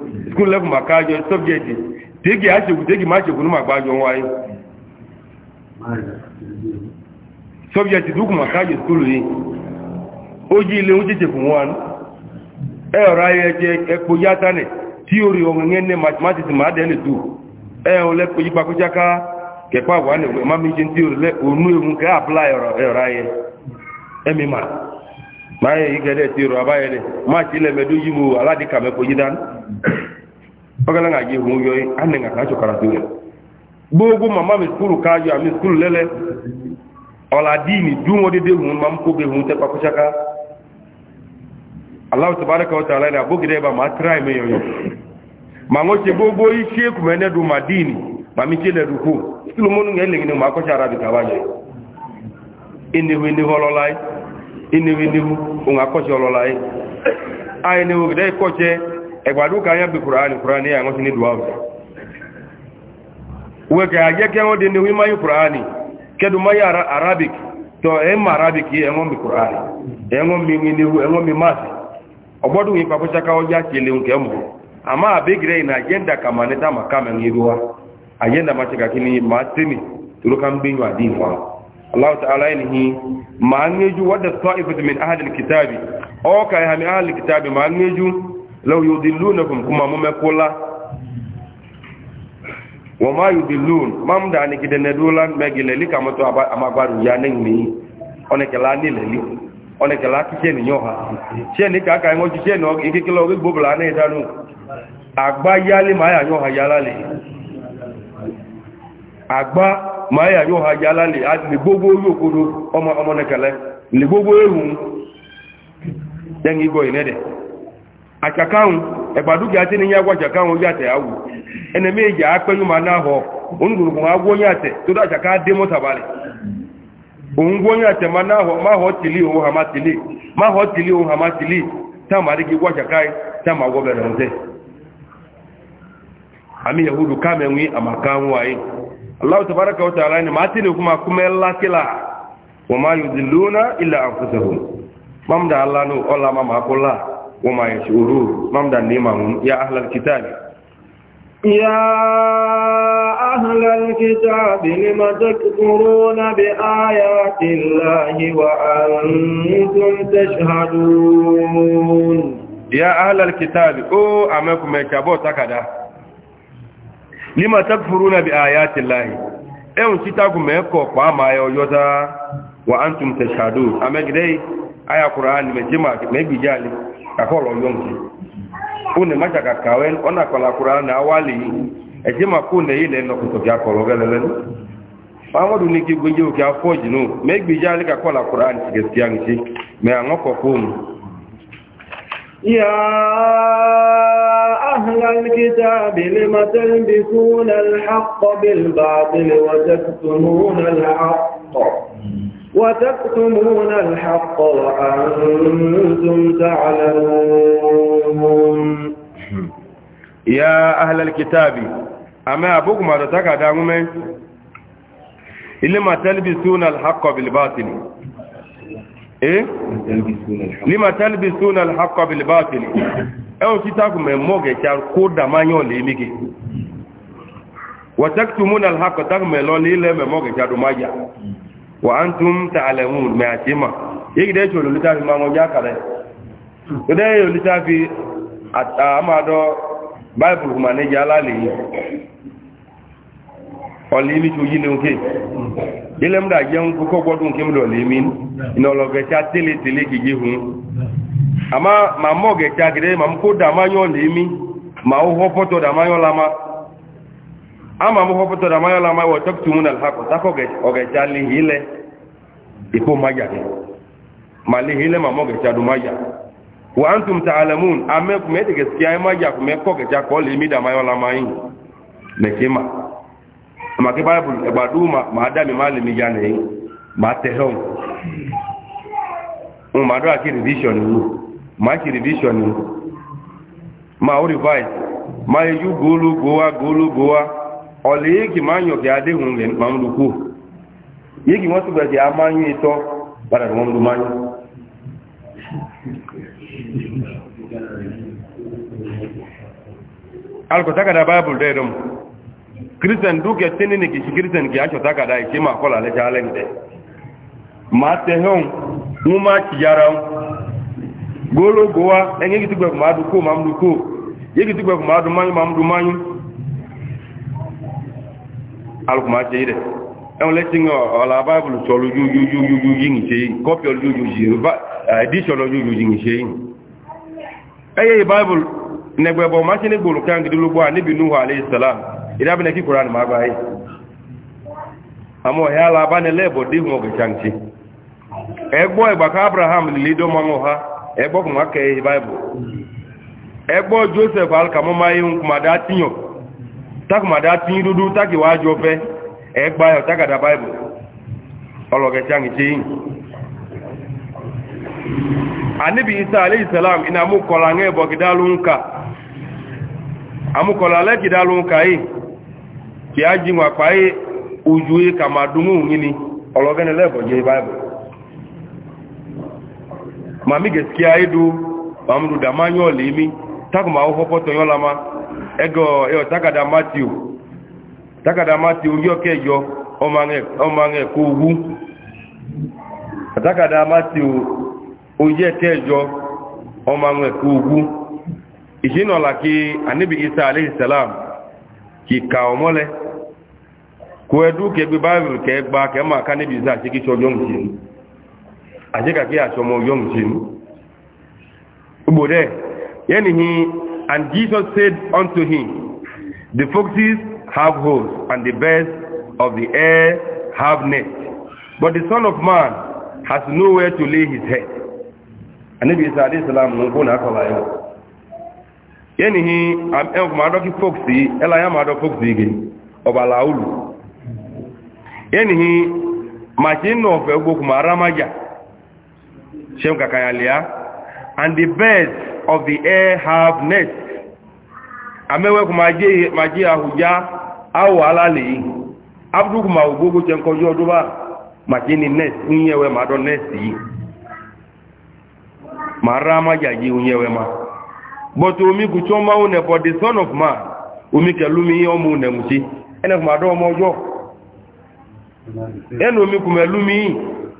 school level ma ka jọ sọ́bjẹ́tì tẹ́gì àṣẹ́kù tẹ́gì ma ṣẹ́kù ma gbá jọ wáyé sọ́bjẹ́tì dúkù ma ka jọ skul yìí ó jí ilé ó jẹ́jẹ́ fún wọn ẹ ọ̀rọ̀ ayé ẹjẹ́ ẹkpo yáta nì tí ó rí ọ̀rọ̀ yẹn ní ma máa dẹ́ nìtú ẹ ọ a yípa kó jáká mi tí ó rí maye igede tiro abaye ne ma ti le medu yimu aladi kame ko yidan ogala nga ji hu yoy ane nga ka chokara tuwe bogu mama mi skulu ka yo mi skulu lele ola dini dungo de de hun mam ko be hun te pa kushaka allah tabaaraka wa ta'ala na bogi de ba ma try me yoyo ma ngo che bogo yi che ku mene du madini ma mi che le du ku skulu monu ngele ngene ma ko chara bi ka ba yo inde winde inewu inewu òun akọ́ṣẹ́ ọlọ́la yìí a inewu gẹ̀dẹ́ ikọ́ṣẹ́ ẹgbàdúkà yẹ́ bí kùránì kùránì yà wọ́n ti ní dùwà ọ̀sẹ̀ wẹ́kẹ̀ àjẹ́ kẹ́ wọ́n dé inewu imáyé kùránì kẹ́dù máyé arabic tọ́ ẹ̀mà arabic yìí ẹ̀wọ́n mi kùránì ẹ̀wọ́n mi inewu ẹ̀wọ́n mi máàsì ọgbọ́dún yìí pàkóṣáká ọjà tẹ̀lé nkẹ́ mú àmọ́ àbẹ́gẹ̀rẹ́ ìnà àjẹ́ndà kàmánẹ́tà màkàmẹ́ ń yé wa àjẹ́ndà má ṣe kàkí ni màá tẹ́mi tó ló ká ń gbé yàn àdín Allah ta'ala yanihi ma an yeju wadda ta'ifatu min ahli alkitabi o ka ya mi ahli alkitabi ma an yeju law yudillunakum kuma mu mekola wa ma yudillun mam da ni gidan dula megile lika mato amabaru ya nan ni one kala ni leli one kala ki je ni yoha se ni ka ka ngo ji no ikikilo gbogbo la na idanu agbayale ma ya yoha yalale agba ma ya yo ha jala le a gbogbo yo kodo ọmọ ọmọ ne gbogbo ehun egbadugi ati ni ya gwa jakaun ya te awu ene meje apeyu ma na ho onuguru kun agwo nya te to da jaka de mota bale ongwo ma na ma tili o ha matili. ma ho tili o ha matili. ta ma yahudu Allah tabaraka wa ta'ala ni mati ne kuma kuma yalla kila wa ma yudilluna illa anfusahum mamda Allah no ola ma ma kola wa ma yashuru mamda ne ma ya ahlal kitab ya ahlal kitab lima takfuruna bi ayati llahi wa antum tashhadun ya ahlal kitab o amakum ya kabota kada lima takfuruna bi ayati llahi eun sita ku me ko pa ma yo yota wa antum tashhadu amegide aya qur'an me jima me bijali akolo yonki une macha kakawen ona kwa qur'an awali ejima kune ile no kutokea kolo galele pamodu niki gweje ukiafoji no me bijali kakola qur'an sigesiangi me angoko kunu يا أهل الكتاب لم تلبسون الحق بالباطل وتكتمون الحق وتكتمون الحق وأنتم تعلمون يا أهل الكتاب أما أبوك ما تتكى دعمه إلما تلبسون الحق بالباطل eh lima talbisuna alhaqqa bil batil aw kitaku me moge char ko da manyo le mige wa taktumuna alhaqqa tak me lo le me moge char do maja wa antum ta'lamun ma atima yigde cholo litafi ma ngoja kare ode yo litafi amado bible kuma ne jala le oli mi tu yine oke okay? ilẹ̀ múdà jẹun kókó gbọ́dún kí múdọ̀ lè mí iná ọlọ́gẹ̀ẹ́sá tẹ́lẹ̀ tẹ́lẹ̀ gègé hun àmá ma mọ́ gẹ̀ẹ́sá gẹ̀ẹ́ ma mú kó dàmáyọ́ lè mí ma ó họ́ fọ́tọ̀ dàmáyọ́ lama a ma mú họ́ fọ́tọ̀ dàmáyọ́ lama wọ tọ́kì tún múnà lákọ̀ sákọ̀ ọ̀gẹ̀ẹ́sá lè hílẹ̀ ìfó má yà ma lè hílẹ̀ ma mọ́ gẹ̀ẹ́sá dùn má yà wà á ń tún ta alamun amẹ́kùnmẹ́ tẹ̀gẹ̀sí àmàkí bible ẹgbàdú máa dámi máa lè mi ya nìyí máa tẹ̀hẹ́hùn wọn máa dọ́ra kí revision ni máa kí revision ni máa ó revise máa yẹjú góólù góówá góólù góówá ọ̀lẹ́ yìí kì máa yàn kí adéhùn rẹ̀ máa ń lu kú yìí kì wọ́n túbọ̀ kí a máa yún itọ́ padà ni wọ́n lu máa yún. alùpùpù sákàdá bible dẹ́ẹ̀dọ́mù. kristian duke tini ni kishi kristian ki aso taka da ishi ma kola leja ale nde ma te hon mu ma ci yara golo gowa enye ki tugbe ma du ko ma mdu ko ye ki tugbe kuma adu manyu ma mdu manyu alu ma ci ide en le tingo ola bible so lu yu yu yu yu yu yin ci copy olu yu yu ba eh, edition olu yu yu yin ci e eye bible negbe bo ma ci ne gbolu kan gidi lu bo ani binu wa alayhi salam ìdábí ní kíkùrá ní máa gbá yìí àmọ́ ẹ̀yà alábánilẹ́bọ̀ díhùn ọ̀gẹ̀chàǹtì ẹgbọ́ ìgbàkà abraham lìlídọ́mọ́ ha ẹgbọ́ kùn wá kẹ́ ìbáìbù ẹgbọ́ joseph alkamomayun kùmàdá tíyàn takùmàdá tí dúdú takìwájọ fẹ́ ẹgbà ẹ̀ takàdá báìbù ọlọ̀gẹ̀chàǹtì yìí anibi isa alayhi salam ina mú kọ̀lá ń ẹ̀bọ̀ kìdálóhùn ká àmúkọ̀lá lẹ́kìdálóhùn ká yìí kí á jí wọn pàáyé ojú yìí kà máa dún mún yìí ni ọlọ́gẹ́ni lẹ́bọ̀jẹ́ báyìí màmí gẹ̀ẹ́sì ayé do màmúdù dàmá yọ̀ lèmi tákùmá ó fọ́pọ́ tọ̀yọ́ lama ẹgọ ẹ̀yọ tákàdá matthew tákàdá matthew yọ kẹjọ ọmọ ẹ̀ kó wú tákàdá matthew oyẹ kẹjọ ọmọ ẹ̀ kó wú ìṣínà làkè àníbi isa aleyhisselam kìkà ọmọlẹ́ kwedu kegbe bible ke gba ke ma níbi ìzá àṣíkí ṣọ yóò ṣe àṣíkàkí àṣọmọ yóò ṣe ugbòdẹ̀ yẹ́nìí and jesus said unto him the foxes have holes and the birds of the air have nets but the son of man has nowhere to lay his head anibi isa alayhi salam ló ń kó náà kọ̀ọ̀lá yẹn yẹ́nìí máa dọ́kí fox ẹ̀láyà máa dọ́ fox yìí ọ̀bàlà olù yanihi machin no fe gbo kuma ramaja shem kakayalia and the birds of the air have nests amewe kuma je maji ahuja au alali abdu kuma ugogo chen ko yo doba machini nest unyewe ma do nest yi maramaja ji unyewe ma but umi kuchoma une for the son of man umi kelumi yomu une mushi ene kuma do mojo ẹnu omi kùmẹ̀ lumi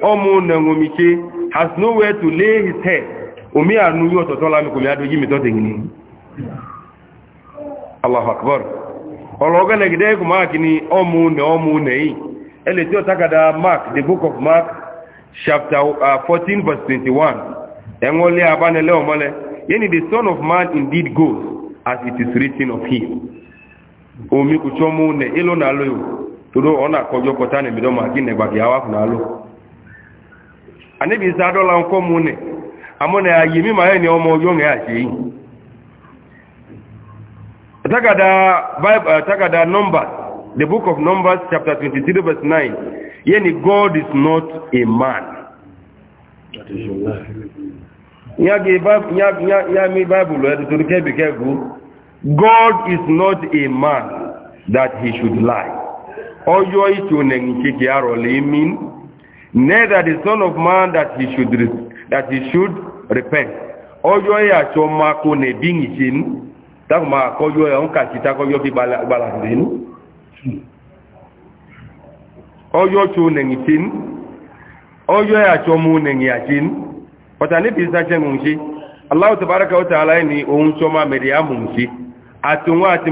ọmọ nẹ̀wọ̀n mi ṣe has nowhere to lay his head omi àánú yóò tọ̀tọ́ lámi kùmẹ̀ adójí mi tọ́tẹ̀ yìí allahu akbar ọlọ́gọ́ nẹ̀gidẹ́ kùmọ̀ àkíní ọmọ nẹ̀ ọmọ nẹ̀ yìí ẹlẹ́ tí ó takada mark the book of mark chapter uh, fourteen verse twenty-one ẹ̀wọ̀n lé abánilẹ́ ọmọlẹ́ yẹ́nì the son of man indeed goes as it is written of him omi kùtsọ́mù nẹ̀ ìlú nàá lóyún todo ona kojo kota ne mido ma kine ba ya wafu na lo anibi sa do la nko mu ne amone ayi mi ma ni omo yo nge ase yi takada bible eh, takada numbers the book of numbers chapter twenty 23 verse 9 yeni god is not a man yagi bible ya ya mi bible e eh, to ke bi ke god is not a man that he should lie ojo itu nengi ki arole mean neither the son of man that he should repent ojo ya choma ko ne bingi ta ma ko yo on ka kita ko yo bi bala bala dinu ojo chu nengi chin ojo ya chomu nengi ya bi sa allah tabaaraka wa ta'ala ni on choma atunwa ati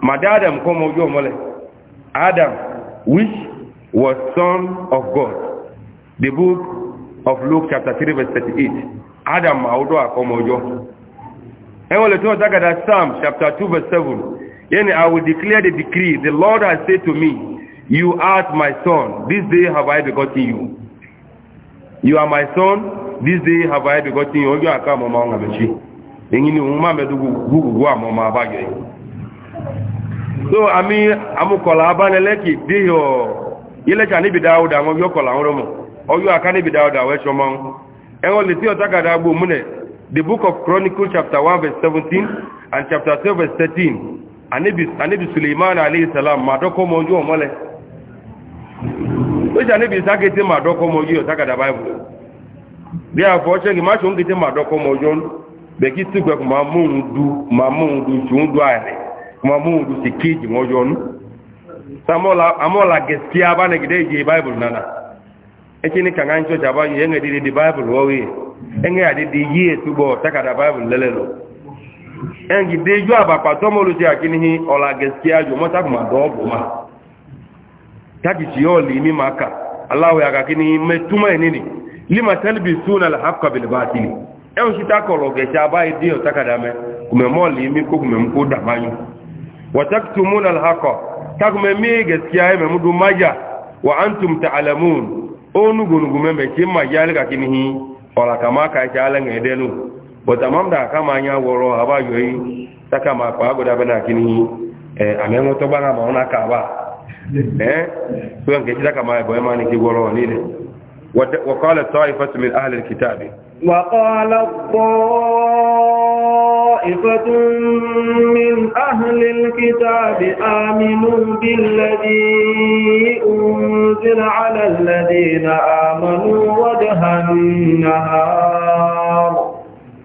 màdá adam kọ́ ọmọ ojú ọmọlẹ̀ adam which was son of god the book of luke chapter three verse thirty-eight adam come àkọ́mọ ojú ẹwọ́n lè tún ọ̀tàgàdà psalm chapter two verse seven yẹ́nì i will declare the decree the lord has said to me you are my son this day have i begotten you you are my son this day have i begotten you Ojo àkọ́ àmọ́ ọmọ àwọn àbẹ̀ṣe èyí ni òun máa mẹ́dúgbò gbogbo àmọ́ ọmọ so àmì amúkọ̀lá abánilẹ́kì díhọ̀ ilẹ̀ṣà níbi dáadáa wọn yóò kọ̀lá wọn mọ̀ ọyọ́ aká níbi dáadáa wọ́n ṣọmọ ẹwọ́n lè tí da agbó mune. the book of chronicles chapter 1 verse 17 and chapter 2 verse 13 anibi suleiman aleyhisselam ma dọ́kọ́ mọ ojú ọmọlẹ̀ ó ṣe anibi sákété ma dọ́kọ́ mọ ojú ọ̀tákàdá bible bí a fọ́ ṣẹ́gi má ṣe ń kété ma dọ́kọ́ mọ ojú bẹ̀kí tí gbẹ̀kùn ma mú du ma mú du ṣùgbọ́n du àrẹ̀ kuma mungu sikeji mojonu samola amola gaskiya bana gidai je bible nana eki ni kangan cho jaba yenge di di bible wowi enge adi di ye tubo takada bible lelelo engi de jo abapa to mo lu ti akini hi ola gaskiya jo mo takuma do buma taki ti oli mi maka allah ya kakini metuma nini lima talbisuna alhaqqa bil batil en shi takolo ge jaba idio takada me kumemoli mi ko kumemko damanyu وتكتمون الحق كما مي غسكيا ممدو ماجا وانتم تعلمون اونغو نغو ممكي ماجا لكنه ولا كما كايتا لن يدنو وتمام دا كما نيا ورو ابا يوي تكما باغدا بنا كنه امنو تو بنا ما هناك ابا eh so ngeji kama boy mani ki goro ni وقال الطائفة من أهل الكتاب وقال الطائفة من أهل الكتاب آمنوا بالذي أنزل على الذين آمنوا وجه النهار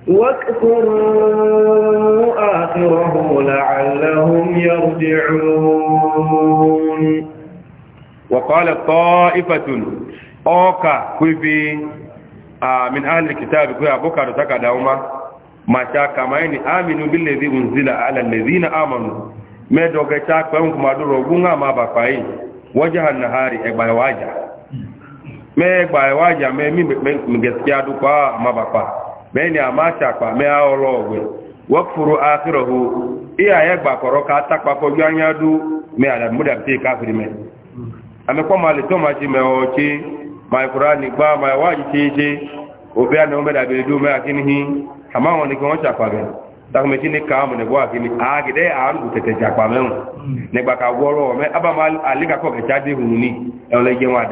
واكفروا آخره لعلهم يرجعون وقال الطائفة ọka kwebi ah, min ahli kitabi kwe aboka da taka dauma mata kama ni aminu bil ladhi unzila ala na amanu me doge ta kwen kuma duro gunga ma ba fai wajahan nahari e bai waja me bai waja me mi me gaskiya du ma ba fa be ni amata kwa me awolo ogwe wakfuru akhirahu iya ye gba koro ka ta pa ko yanyadu me ala mudabti kafiri me ame kwa mali to ma ji me ochi mai n'i gba mai waji teje obi ana o meda bere du me akini hi ama won ni be ka mo ne gwa akini a gide a ndu tete chapa me un ne gba ka me aba ma alika ko ke ni e le je wa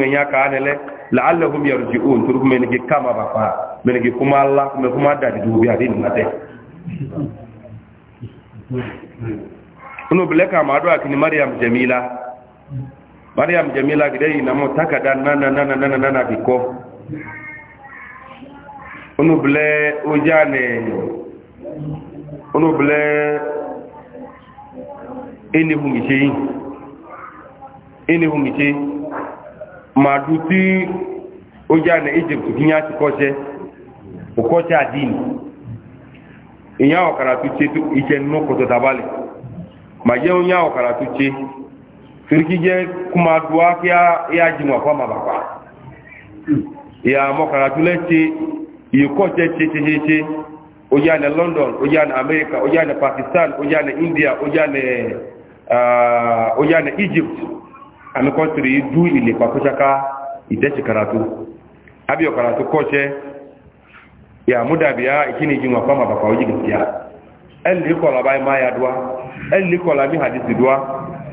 me nya ka yarji'un me ni kama ba me ni kuma me kuma du bi mariam jamila gidai na mo takada nana nana nana nana biko onu ble ojane onu ble eni hungi sei eni hungi sei ma duti ojane egypt kinya ti kose okote adini inya okara tuche tu iche nuko tabali, ma je onya okara tuche firki je kuma duwa ya ya jinwa kwa mabakwa ya mokara tulete yiko che che che che ujane london ujane america ujane pakistan ujane india ujane uh, ujane egypt ami country du ile pakuchaka itechi karatu abio karatu koche ya muda biya ikini jinwa kwa mabakwa uji gaskiya el likola bai ma ya duwa el likola mi hadisi duwa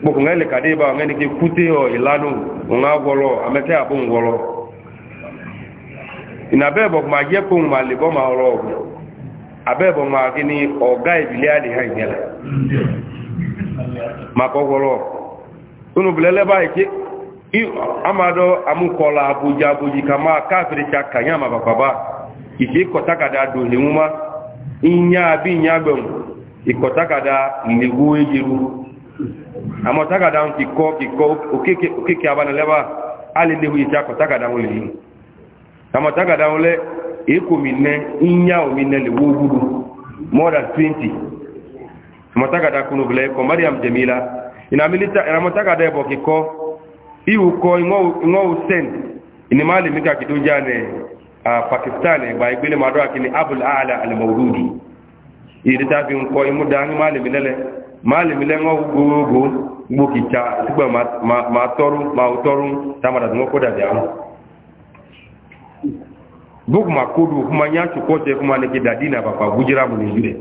kpọkụ nga ele kade ba nga nike kute ọ ilanu nga gwọlọ ameke abụ ngwọlọ ina bẹẹ bọ ma yẹ kó ma lebọ ma ọrọ ọgbọ abẹẹ bọ ma gini ọga ibili adi ha ìyẹn la ma kọ gwọlọ unu bilẹlẹ báyìí ké amadọ amukọla abuja abuji kama káfíri tsa kanya ma bàbàbà ìṣe kọtakada do lewuma bi nya ìnya gbẹmù ìkọtakada lewu ejiru. àmọ́ tágàdá ń kíkọ́ kíkọ́ òkèkè abanilẹ́wà alìléhu ìṣe akọ̀ tágàdá wọn lè yìí àmọ́ tágàdá wọn lẹ́ èkó mi ìyá omi lè wó gbúdú more than twenty àmọ́ tágàdá kunu bilẹ̀ kọ́ mariam jẹ̀míla ìnà mílítà àmọ́ tágàdá ẹ̀bọ̀ kíkọ́ ìwù kọ́ ìwọ́wù send ìnìmá lè mí kàkìdó já nẹ̀ pakistan ẹ̀gbà ìgbélé màdúrà kìíní abul ala alimawududi ìdí malami lẹ́ngọ́ gbogbo gbogbo kìíta sígbà ma tọ́rún ma ò tọ́rún tamada tó ń kó dàbí àwọn gbogbo ma kó dùn kuma nyá tó kọ́sẹ̀ kuma ní kí dàdí nà bàbá bújírà mu nìyí rẹ̀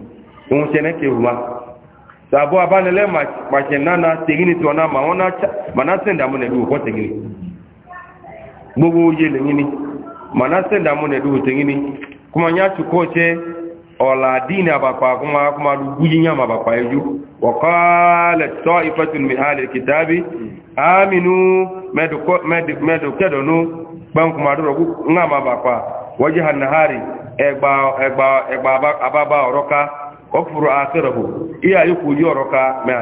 òun sẹ́nẹ́ kéwù ma sàbọ̀ abánilẹ́ màṣẹ nánà tẹ̀gínì tó náà ma wọn náà sẹ́ndà mu nẹ̀dú òkọ́ tẹ̀gínì gbogbo yé lẹ́yìn ni ma náà sẹ́ndà mu nẹ̀dú òtẹ̀gínì kuma nyá tó kọ́sẹ̀ ọ̀la dínì àbàpà akọmọdún gújíyàn àbàpà ẹjú wọ̀kọ́lẹ̀ tọ́ ìfẹ́tùn mi alẹ́ kìtàbí àmìnú mẹ́dùkẹ́dọ̀nú gbẹ́nkùnmọ̀dúnrọ̀kú ń àbàpà wọ́jí hannahari ẹgbà àbábá ọ̀rọ́ká ọkùnrin àṣẹ́rọ̀hù iya yóò yí ọ̀rọ̀ká mẹ́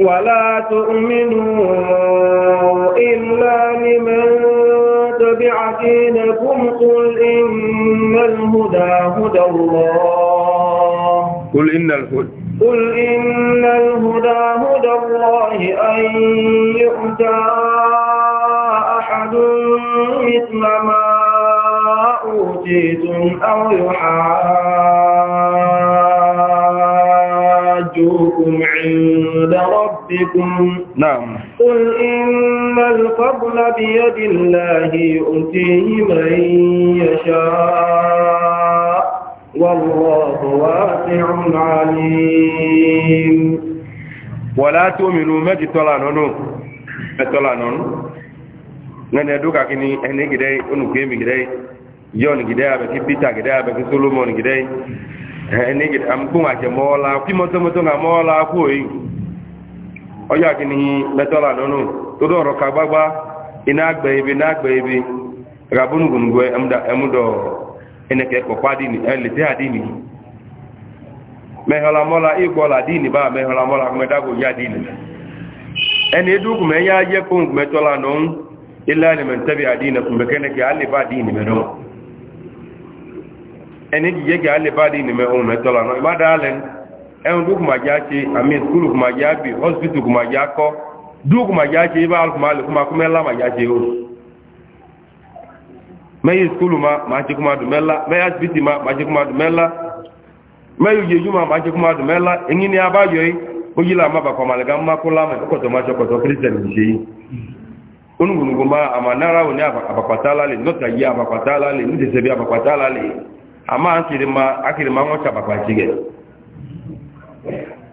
ولا تؤمنوا إلا لمن تبع دينكم قل إن الهدى هدى الله قل إن الهدى قل إن الهدى هدى الله أن يؤتى أحد مثل ما أوتيتم أو يحاجوكم عند رسل ربكم نعم قل إن الفضل بيد الله يؤتيه من يشاء والله واسع عليم ولا تؤمنوا ما جتلا نونو جتلا نونو nane duka kini ene gidai onu kemi gidai yon gidai abeki peter gidai abeki solomon gidai ene gidai amkun ake mola kimotomoto nga mola kuoyi ọjọ́ àkíní mẹ́tọ́lá nínú tó dọ̀rọ̀ ká gbágbá iná àgbẹ̀ ibi iná àgbẹ̀ ibi rabun gungue ẹmúdọ̀ ẹnẹkẹ́ kọ̀pá ẹlẹ́tẹ́ àdìní mẹ́họ́lámọ́lá ìgbọ́lá dìní bá mẹ́họ́lámọ́lá mẹ́dàgbò yá mẹ́tọ́lá ẹ̀hún dúkù máa já ṣe àmì skúlù bi máa já bì hospital kù máa já kọ́ dúkù máa ṣe ibà alùpùpù máa lè kú máa kú mẹ́lá máa ṣe o mẹ́yìn skúlù máa ṣe ṣe kú máa mɛ mẹ́lá mẹ́yìn ma ṣe kuma máa dùn mẹ́lá ni abáyọ o ó yí ma ama nara woni le lale nota yi abapata lale nitese bi abapata lale ama akiri ma akiri ma ŋɔ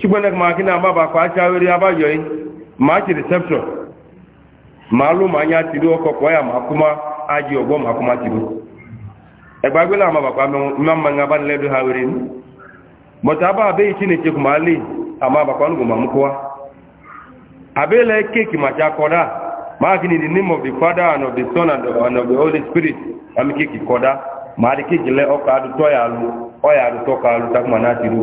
ṣùgbọ́n ma kí náà má bàa kọ́ aṣá orí abájọ yìí máa ṣe reception máa ló máa yá tìlú ọkọ̀ kọ́ yà máa kú má ajé ọgbọ́ máa kú má tìlú ẹgbàgbé náà má bàbá mímọ́ ní abánilẹ́dọ̀ ha orí ni bọ̀tà abá abẹ́ ìṣí ni ṣe kù máa lè àmọ́ àbàkọ́ nùgbò máa mú kọ́ wa abẹ́lẹ̀ kéèkì máa já kọ́ dáa máa kí ni the name of the father and of the son and of, and of the holy spirit àmì kéèkì kọ́ dáa máa di kéèkì lẹ́ ọkọ̀ àdútọ́ yà á lu ọ̀yà àdútọ́ kọ́ àlùtàkùn máa náà tìlú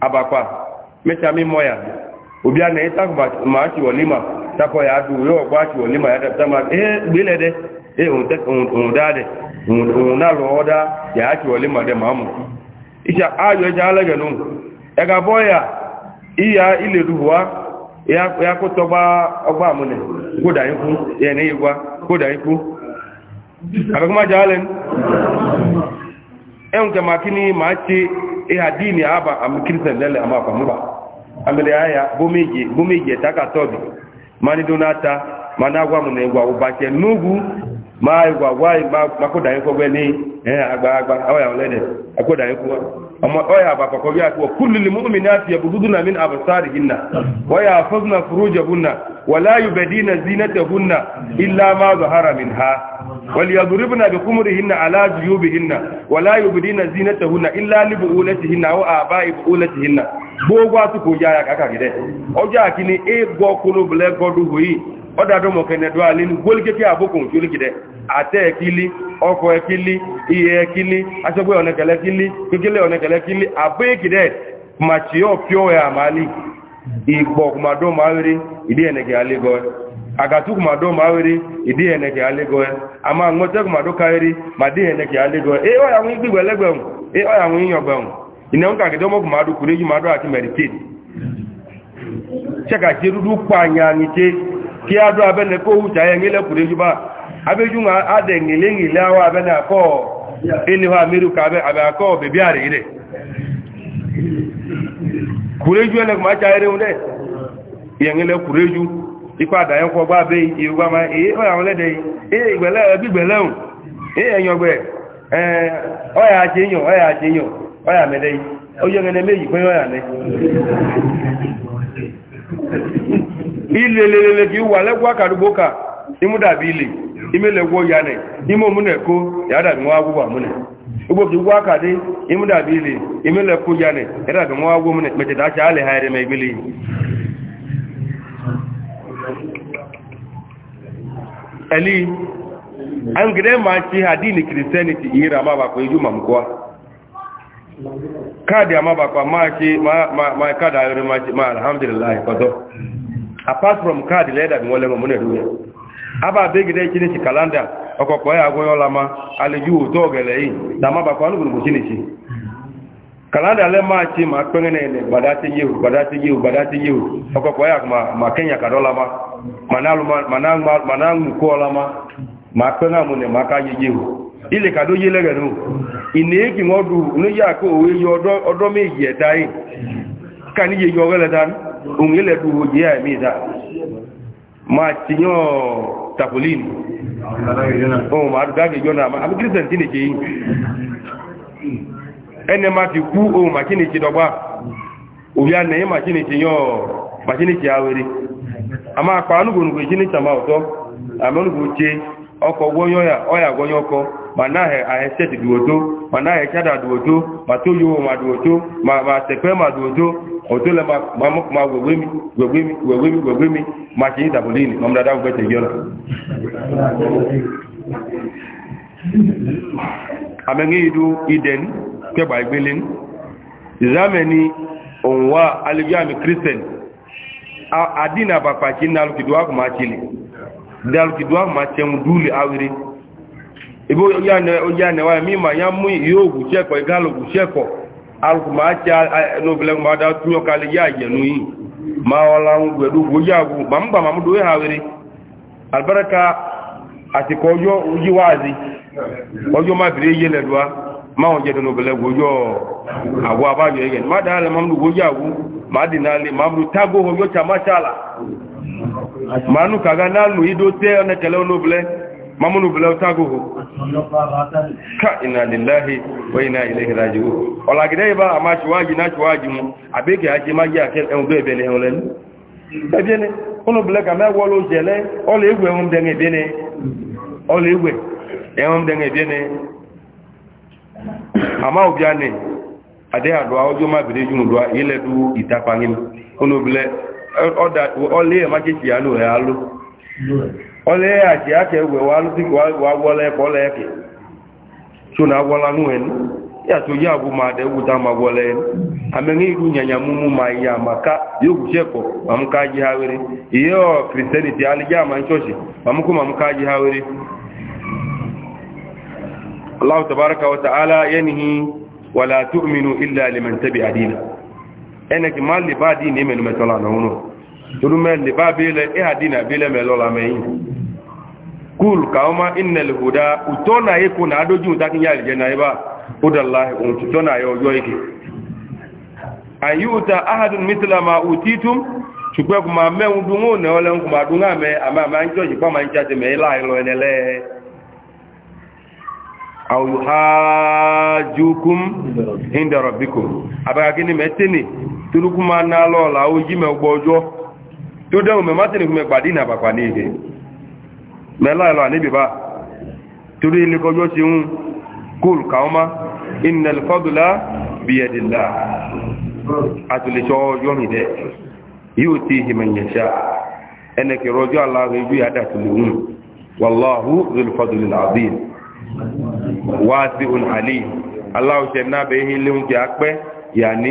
abakwa mecha mi moya na ita ma chi wolima tako ya du yo gba chi wolima ya da ma eh gbele de eh on te da de na lo ya chi wolima de mamu isha ọmụ. ja alege nu e ga boya iya ile duwa ya ya ko to ogba mu ne ko da ye ne ko iha dini aba am kristian lele ama kwa mba amele haya gomije gomije taka tobi mani donata managwa munegwa ubake nugu mai gwa gwai makoda yeko gweni eh agba agba awaya olede akoda yeko amma oya ba ko biya ko kullu lil mu'minati yabghuduna min absarihinna wa yahfazna furujahunna wa la yubdina zinatahunna illa ma zahara minha وليضربن بخمرهن على جيوبهن ولا يبدين زينتهن الا لبؤولتهن او اباء بؤولتهن gbogbo àtúkò ya ya kàkàrí rẹ̀ ọjọ́ àkíní ẹgbọ́ kúrò blẹ́gọ́dù hui ọdádọ́mọ̀kẹ́nẹ̀dọ́ alẹ́nu gbólíkẹ́kẹ́ àbókùn tí ó lè kìdẹ̀ ate ekili ọkọ ekili iye ekili asogbe ọ̀nẹ̀kẹ̀lẹ̀ ekili kekele ọ̀nẹ̀kẹ̀lẹ̀ ekili abẹ́kìdẹ̀ machi ọ̀píọ̀ ya mali ma wéré ìdí ẹ̀nẹ̀kẹ̀ alégọ́ ẹ àgàtú ma wéré ìdí ẹ̀nẹ̀kẹ̀ alégọ́ ẹ àmà ńgọ́tẹ́ kùmàdó káwéré màdí ẹ̀nẹ̀kẹ̀ alégọ́ ẹ ẹ ọ̀yà wọn gbígbẹ̀ ṣe kí á dọ́ jù bá abejuma ade ngile ngile awa abe na akọ ini ha miru ka abe abe akọ bebi are ire kureju ene ma cha ere unde yengele kureju ipa da yen ko gba be iwa ma e o ya wole de e igbele bi gbele un e eyan gbe eh o ya jeyan o ya jeyan o ya mede o yo ngene meyi pe o ya ne ilelelele ki wa legwa ka. imu dàbí ilé imélẹ̀wọ́ yanẹ̀ imú múnẹ̀ kó yàdàbí wọ́n agbó àmúnẹ̀ igbóbi wá kàdé imu dàbí ilé imélẹ̀kó yanẹ̀ yàdàbí wọ́n agbó múnẹ̀ mẹ́tẹ̀dáṣà alẹ́ ha ẹrẹ mẹ́gbélé ẹ̀lí an gẹ́dẹ́ máa ṣe àdínì kìrìsẹ́nìtì ìhìrà máa bàkọ̀ ijú màmùkọ́ káàdì àmábàkọ̀ máa ṣe máa káàdì ayọ́rẹ́ máa alhamdulillah ìkọ́tọ́ apart from káàdì lẹ́dàbí wọ́n lẹ́gbọ̀n múnẹ̀ lóyẹ̀ aba begide chini chi kalanda okoko ya agwo lama aliju uto gele yi da ma ba kwa nu gbo chini chi kalanda le ma chi ma penge ne ne badati yi badati yi badati yi okoko ya ma ma kenya ka dola ma manalu manang manang ko lama ma penge mu ne maka yi yi ile kado, do yi le genu ine ki ngodu nu ya ko owe yi odo odo meji etai kani ye yo gele dan un ile du ye mi da ma chi yo tapolin ohun ma dáàgì jọ náà àmì kírísẹ̀n tí ní ṣe yìí ẹni ma ti kú ohun ma kí ní ṣe dọgbà na nẹ̀yí ma kí ní ṣe yàn ma kí ní ṣe awere a máa pa anúgbònùgbò ìṣí ní ṣàmà ọ̀tọ́ àmì ọ̀nùgbò manahe aheseti duoto manahe chada duoto matoyo ma duoto ma ma tepe ma duoto otole ma ma ma wewemi wewemi wewemi wewemi ma chi dabulini mamda dabu bete yona amengi idu iden ke ba igbelin zamani onwa alijami christian adina bapa chi nalu kidwa kuma chili dalu kidwa ma chengu duli awiri ibo onye anẹwà mi ma ya mú ìyó ògùnṣẹ́kọ̀ ìgálò ògùnṣẹ́kọ̀ alùpùpù àti ẹnubìlẹ̀ mọ́dá tú ọkàlẹ̀ yá àjẹ̀nú ma ọlá ń gbẹ̀dú gbójáàgbò ma ń gbà ma mú dóé àwẹ̀rẹ̀ albarka àti kọjọ́ ojú wáàzi ọjọ́ má bèrè yé lẹ́dùá ma wọ́n jẹ́ ẹnubìlẹ̀ gbójọ́ àgọ́ abájọ yẹn má dáa lẹ́ ma mú gbójáàgbò má dìnnà lé ma mú tágó ọjọ́ tàmáṣàlà ma nù mamunu bilaw taguhu ka ina lillahi wa ina ilayhi raji'un ola gide ba ama chuwaji na chuwaji mu abeke aje magi akel en do ebele en len ebele ono bile ka wolo jele ola egwe hum de ola egwe de ama obiane ade adwa ojo ma junu dwa ile du bile oda ole ma ọlẹ́ àti àtẹ̀wẹ̀ wa ló ti wà wọlé kọlẹ̀ ẹ̀kì tí ó na wọlá nú ẹni yàtò yá àbú máa dẹ̀wù tá ma wọlé ẹni àmẹ́rin ìlú yànyà múmú ma yà ma yóò gùsẹ̀ pọ̀ ma yí hawere ìyẹ́ ọ̀ kìrìsìtẹ́nìtì alẹ́jẹ́ àmà ṣọ́ọ̀ṣì màmúkú màmúká yí ma Allah tabaraka wa ha yanihi wala tu'minu illa liman tabi'a dina enaki mal libadi ne men metala na uno turu men ma e hadina bele melola meyin kul kaoma innal huda utona yiku na adoju takin ya aljanna iba hudallahi um tutona yo yoyiki ayuta ahadun mithla ma utitum chukwe kuma mewu dungu ne ole kuma dunga me ama ma njo ji kwa ma nja te me la ilo enele aw yuhajukum inda rabbikum abaga gini metini tulukuma na lola oji to de me matini kuma gbadina ni mẹ́lá ẹ̀lọ àníbìbá torí ilé kọjọ́ ti ń kúrù káọmá iná ìfọ́dùlá bí ẹ̀dìlá àtìlẹ̀ṣọ́ ọjọ́ ìdẹ́ yóò tí ìhìmẹ̀yẹ̀ṣà ẹnẹ̀kẹ̀rọ ọjọ́ aláàrẹ ibi àdàtìlẹ̀hún wàláhù ìfọ́dùlá àbíl wá sí òun àlè aláwọ̀ṣẹ̀ náà bẹ̀ẹ́ ilé oúnjẹ apẹ́ yà ní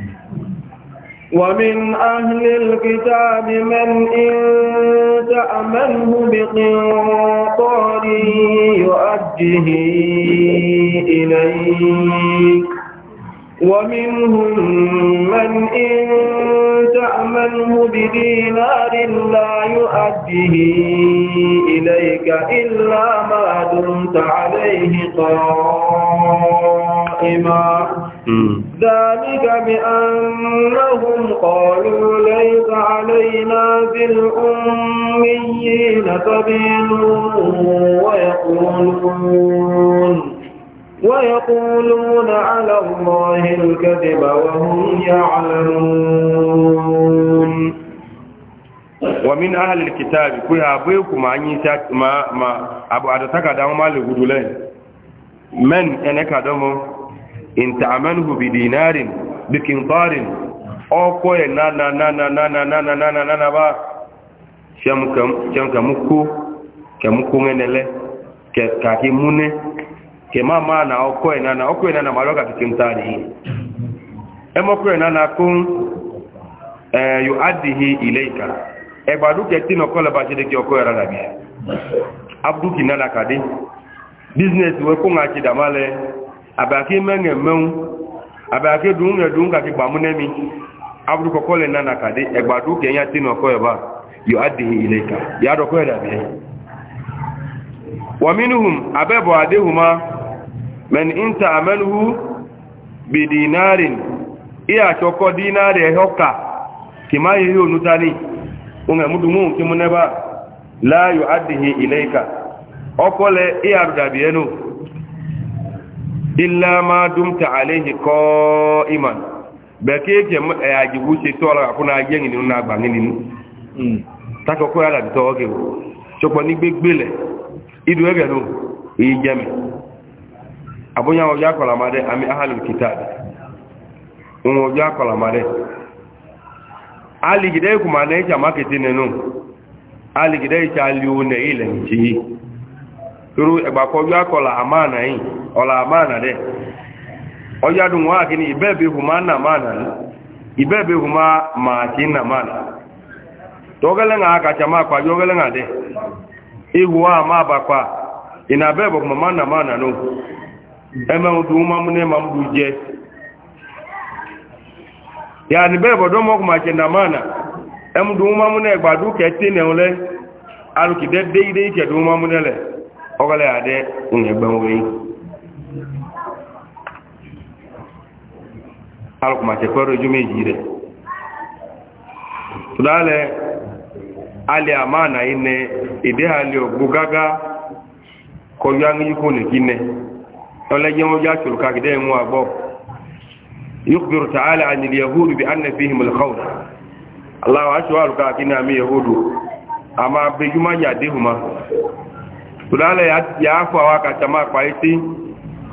ومن أهل الكتاب من إن تأمنه بقنطار يؤجه إليك ومنهم من إن تأمنه بدينار لا يؤجه إليك إلا ما دمت عليه قرار دائما ذلك بأنهم قالوا ليس علينا في الأميين سبيل ويقولون ويقولون على الله الكذب وهم يعلمون ومن أهل الكتاب كلها كل أبوكم أن ما ما أبو أدتك دعوما لغدولين من أنك دعوما in ta'amaluhu bi dinarin bi qintarin oko e na na na na na na na na na na na na ba sham kam sham kamuko kamuko ngenele ke kaki mune ke mama na oko e na na oko e na na maloka kitimtari emo ko e na na kun eh yu'addihi ilayka e gbadu ke tino ko la ba jide ke oko era labi abdu kinala kade business we ko ngaki damale abake menge mewu abake dunga dunga ki gbamunemi abdu ko kole nana ke nya ko ilayka ya do ko da be wa minhum ababu adehuma man inta amaluhu bi dinarin iya choko dinare hoka kima nutani unga mudu mu kimuneba la ilayka okole iya do da illa ma dumta alayhi qa'iman beke ke ajibu se to ala kuna ajengi ni na gba ngini ni hmm. ta ko ko ala to oge o chopo ni gbegbele idu ege no yi jeme abunya o ya ma made ami ahlul kitab un o ya ma made ali gide ku ma ne jama ketine no ali gide cha liu o ne ile nji toro ẹgbàkọjú akọlà àmàna yìí ọ̀là àmàna dẹ̀ ọjádùn wọ́n àkíní ìbẹ́ẹ̀bẹ̀ hùmá nà màna ní ìbẹ́ẹ̀bẹ̀ hùmá màákí nà màna tọ́gẹ́lẹ́ngà akàtà máa pàjọ ọgẹ́lẹ́ngà dẹ̀ ihu wa máa bà pa ìnà bẹ́ẹ̀bọ̀ hùmá nà màna nù ẹmẹ́hùn tó máa múnẹ́ máa múdú jẹ yàní bẹ́ẹ̀bọ̀ dọ́mọ́kùnmáṣẹ́ nà màna ma máa múnẹ́ gbàdúkẹ́ tẹ́nẹ̀ ọgọlẹ adé ńgbẹ̀wé alùpùpàṣẹ pẹ̀lú ojú méjì rẹ̀ tùdálẹ̀ alẹ́ àmáànà inẹ ìdí alẹ́ ògbó gágá kọjú ányíkò nìkínẹ ọlẹ́jẹ́ wọ́n já ṣòro kàkìdẹ́ ìmú àgbọ́ yíkùbìrù tààlà ànìlì yahudu bí annà fi hìmìlì tunala ya akwa waka chama kwa iti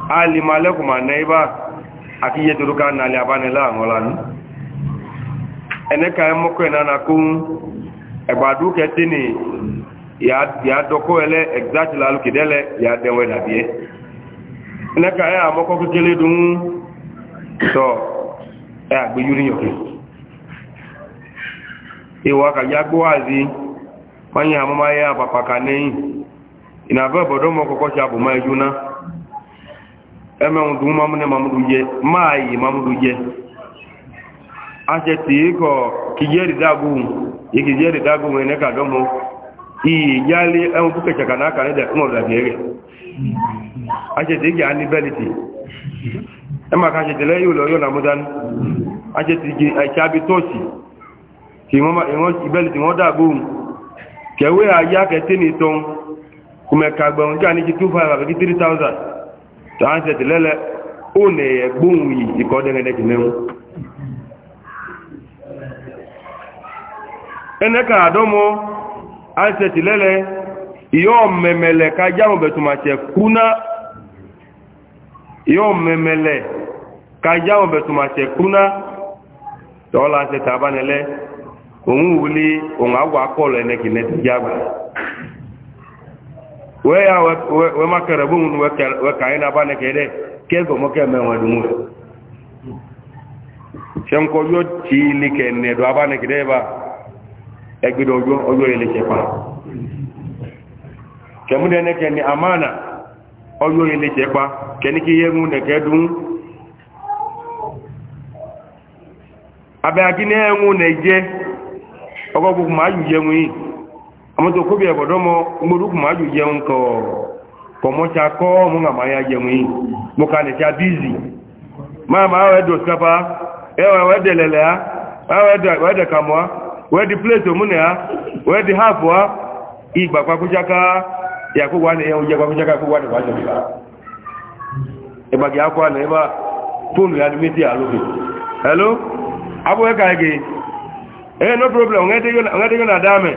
ali maleku manaiba akiye turuka na ali abane la ngolan eneka emoko enana kun egbadu ketini ya ya doko ele exact la lu kidele ya denwe da bie eneka ya amoko kekele dun so ya gbiyuri yoke iwa ka ya gbo azi fanyi amama ya papaka neyin inaba bodo mo koko cha bu mai juna eme ndu mamu ne mamu je, mai mamu duje je. ti ko kijeri dagu ikijeri dagu ne ka domo i jali en ku kecha kana ka ne de mo da gere aje ti ga ni beliti ema ka je tele yo lo yo na mudan aje ti ji acha e bi tosi ti mama en o beliti mo dagu kewe ya ke tini ton kumeka gbẹ̀rún kí a ní kí 3000 tó á ń sẹ̀tì lẹ́lẹ̀ ó nà ẹ̀yẹ gbóhùn yìí ikọ̀ dẹ́gẹ́dẹ́gì mẹ́rún ẹnẹ́kà àdọ́mọ́ á ń sẹ̀tì lẹ́lẹ̀ ìyọ́ mẹ́mẹ́lẹ̀ ká jáwọn bẹ̀tùmàṣẹ̀ kúná ìyọ́ mẹ́mẹ́lẹ̀ ká jáwọn bẹ̀tùmàṣẹ̀ kúná tọ́lá sẹ̀tà abánilẹ́ òun wuli òun wee ya wee makara bụ nwunu wee ka anyị na-aba na kede ka ego moke eme nwe dunwu se nkọ yo ke ne aba na kede ba egbido ojo ojo ile chepa kemude ne ke ni amana ojo ile chepa keni ki yengu ne ke dun abe akine yengu ne je ogogu ma yu yengu yi àmọ́tò kóbi ẹ̀bọ̀dọ́ mọ́ gbórúkù máa jù jẹun kọ̀ kọ̀mọ́ṣà kọ́ mú àmà ya jẹun yìí mú ka nẹ̀ ṣá bíìzì máa máa wẹ́ dọ̀ sápá ẹwà wẹ́ dẹ̀ lẹ̀lẹ̀ á wẹ́ dẹ̀ kàmọ́ á wẹ́ di pléètò múnẹ̀ á wẹ́ di háàfù á ìgbà pakúṣáká ìyàkúwà ní ẹ̀hún jẹ́ pakúṣáká kó wà nípa jọ̀bí ìgbàgbé akọ́ àná ẹ̀bá fóònù yà ní méjì àlóbi hello abúwẹ́ka ẹ̀gẹ̀ ẹ̀ eh, no problem ọ̀ngẹ́dẹ́yọ́nà dáàmẹ̀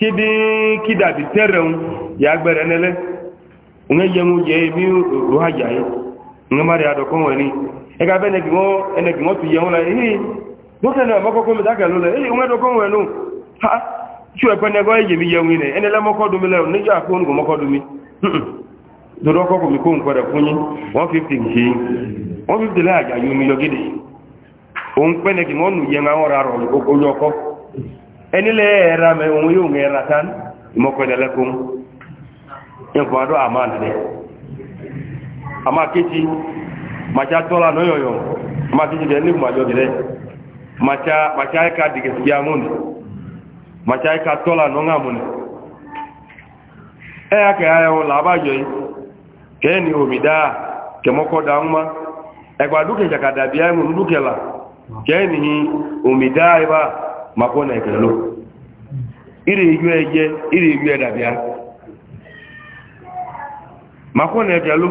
kidi kida bi ya gbere nele nge yemu je mi ruha jai nge mari ado ko woni e ga bene ki mo ene ki mo tu yemu la hi do kana mo ko ko mi daga lo le hi do ha chu e pene go e yemi yemu ne ene le mo ko ni ja ko ngo mo ko do ko ko mi ko da 150 ji 150 la ja ẹni lẹ ẹra mẹ òun yóò ń ẹra tán ìmọ̀kọ̀lẹ́lẹ́kún ẹ̀kọ́ àdó àmà nìyẹn àmà kéjì màtí atọ́lá lọ́yọ̀yọ̀ àmà kéjì bẹ́ẹ̀ ní ìmọ̀jọ́ bìrẹ́ màtí àyíká dìgẹ̀sìgẹ̀ amúnì màtí àyíká tọ́lá lọ́ngà amúnì ẹ̀ àkẹ́ ayẹwo làbájọ yìí kẹ́ẹ̀ ni omi jàkàdà e la maka na-ekele iri ju eje iri ju edabịa maka ọ na-ekele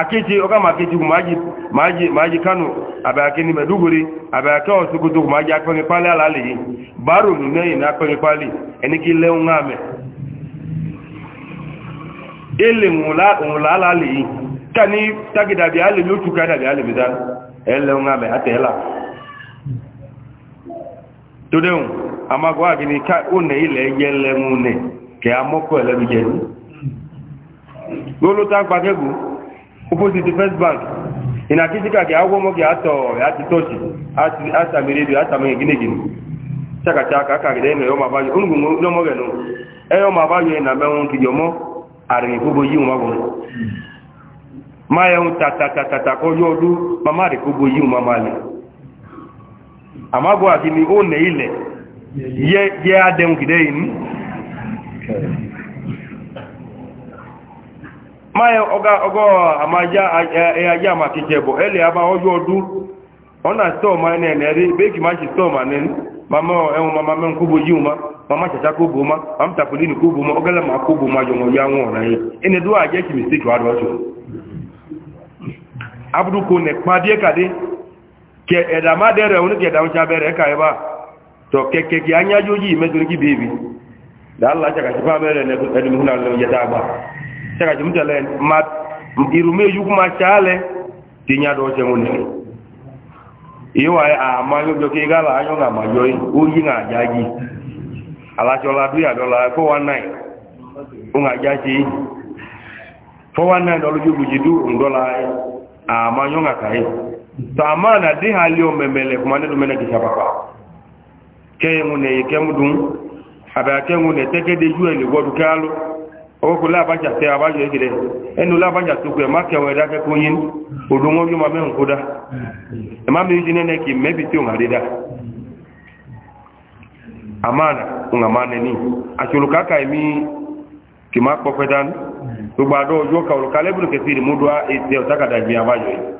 akechi ọka ma akechi maji maji maji kano abịake n'ime dugori abịake ọsụkụtụ ma ji akpọghị kpali ala alighị baro nneyi na akpọghị kpali enike ile nwa ame ele nwụla ala alighị ka ni tagidabịa alili otu ka dabịa alibida ele nwa ame atela todehun amago agini ka one ile yele mune ke amoko ele bije ni lolo ta gbagegu opposite first bank ina kisika ke awo mo ke ato ati tochi ati ata mirebi ata mo gine gine chaka chaka ka gide no yoma bayo ungu no mo genu e yoma bayo na mewon ki jomo ari gubo yi mo gon ma yun tata tata ko du mama re gubo yi mo mama le amago ati ni o ne ile ye ye adem kide yin hmm? maye oga ogo amaja e aja ma kijebo ele aba ojo odu ona sto ma ne ne ri be ki ma chi mama e mo mama men kubu mama chacha kubu ma am ta kulini kubu ma ogala ma kubu ma jongo ya won na yi ene do aje ki mistake wa do abdu ko ne ke ẹ̀dà má dẹ̀rẹ̀ òun kí ẹ̀dà oúnjẹ abẹ́rẹ̀ ẹ̀ka ẹ̀bá tọ̀ kẹ̀kẹ́ kí anyájú yìí mẹ́tòrí kí bèbí dáàlá ṣàkàṣì fún abẹ́rẹ̀ ẹ̀dùn múnà lọ yẹ dáàgbà ṣàkàṣì mú tẹ̀lẹ̀ ìrù méjú kú máa ṣáálẹ̀ tí ń yàdọ̀ ọ̀ṣẹ̀ wọn nìyẹn ìyíwà àmà yọjọ kí gálà ayọ́nà àmàjọ ó yí ń àjá yìí aláṣọlá bí àdọ́là 419 ń àjá ṣe 419 ọlójú gbùjì dú ń dọ́là àmà yọ́nà kàáyìí tamana di hali o memele kuma ne dumene ki sababa keye ngune ye kemu dun aba ke ngune teke de ju ele wodu kalu o ko la baja te aba je gire enu la baja tu ko ma ke weda ke kunyin odungo yuma me nkuda e ma mi jine ne ki mebi ti o ngarida amana unga mane ni achuluka ka mi ki ma ko fedan gbogbo ado ojo ka olukale bunu kesiri mudu a ite otaka da mi abajo yi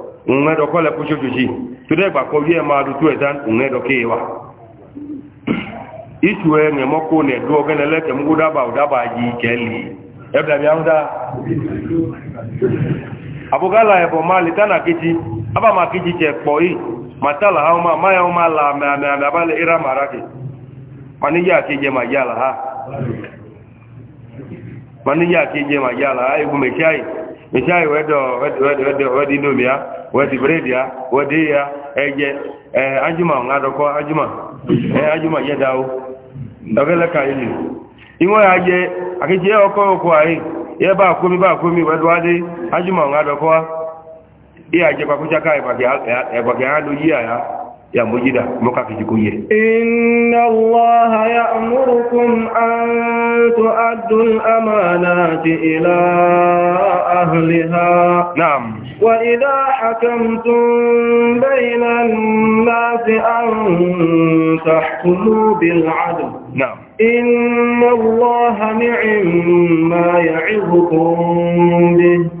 ŋmɛdɔ kɔ lɛ kutsutsutsi tu ɖe gbakɔ wiɛ ma do tu ɛdan ŋmɛdɔ kee wa itsue ŋɛmɔko nɛ do ɔgɛnɛ lɛ kɛmugu daba o daba yi kɛli ɛbla mi aŋda abogala ɛbɔ ma le tana kedzi aba ma kedzi tsɛ kpɔ yi ma ta la hã ma ma ya ma la le ira ma ra ya kedze ya la ha ma ne ya kedze ya la ha ebu ìṣá ìwẹ́ wẹ́dí lómi ya wẹ́dí bírèdì ya wẹ́dí ya ẹjẹ ẹ ajúmọ̀ ọ̀nà àdọ́kọ́ ajúmọ̀ ẹ ajúmọ̀ yẹ́dá o ọgẹ́lẹ́ka ilé ìwọ́n ya àkíjẹ́ ọkọ̀ ọkọ̀ ayé yẹ bá kómi bá kómi wẹ́dí wá ajúmọ̀ يمجد مكافي كوي إن الله يأمركم أن تؤدوا الأمانات إلى أهلها نعم وإذا حكمتم بين الناس أن تحكموا بالعدل نعم إن الله نعم ما يعظكم به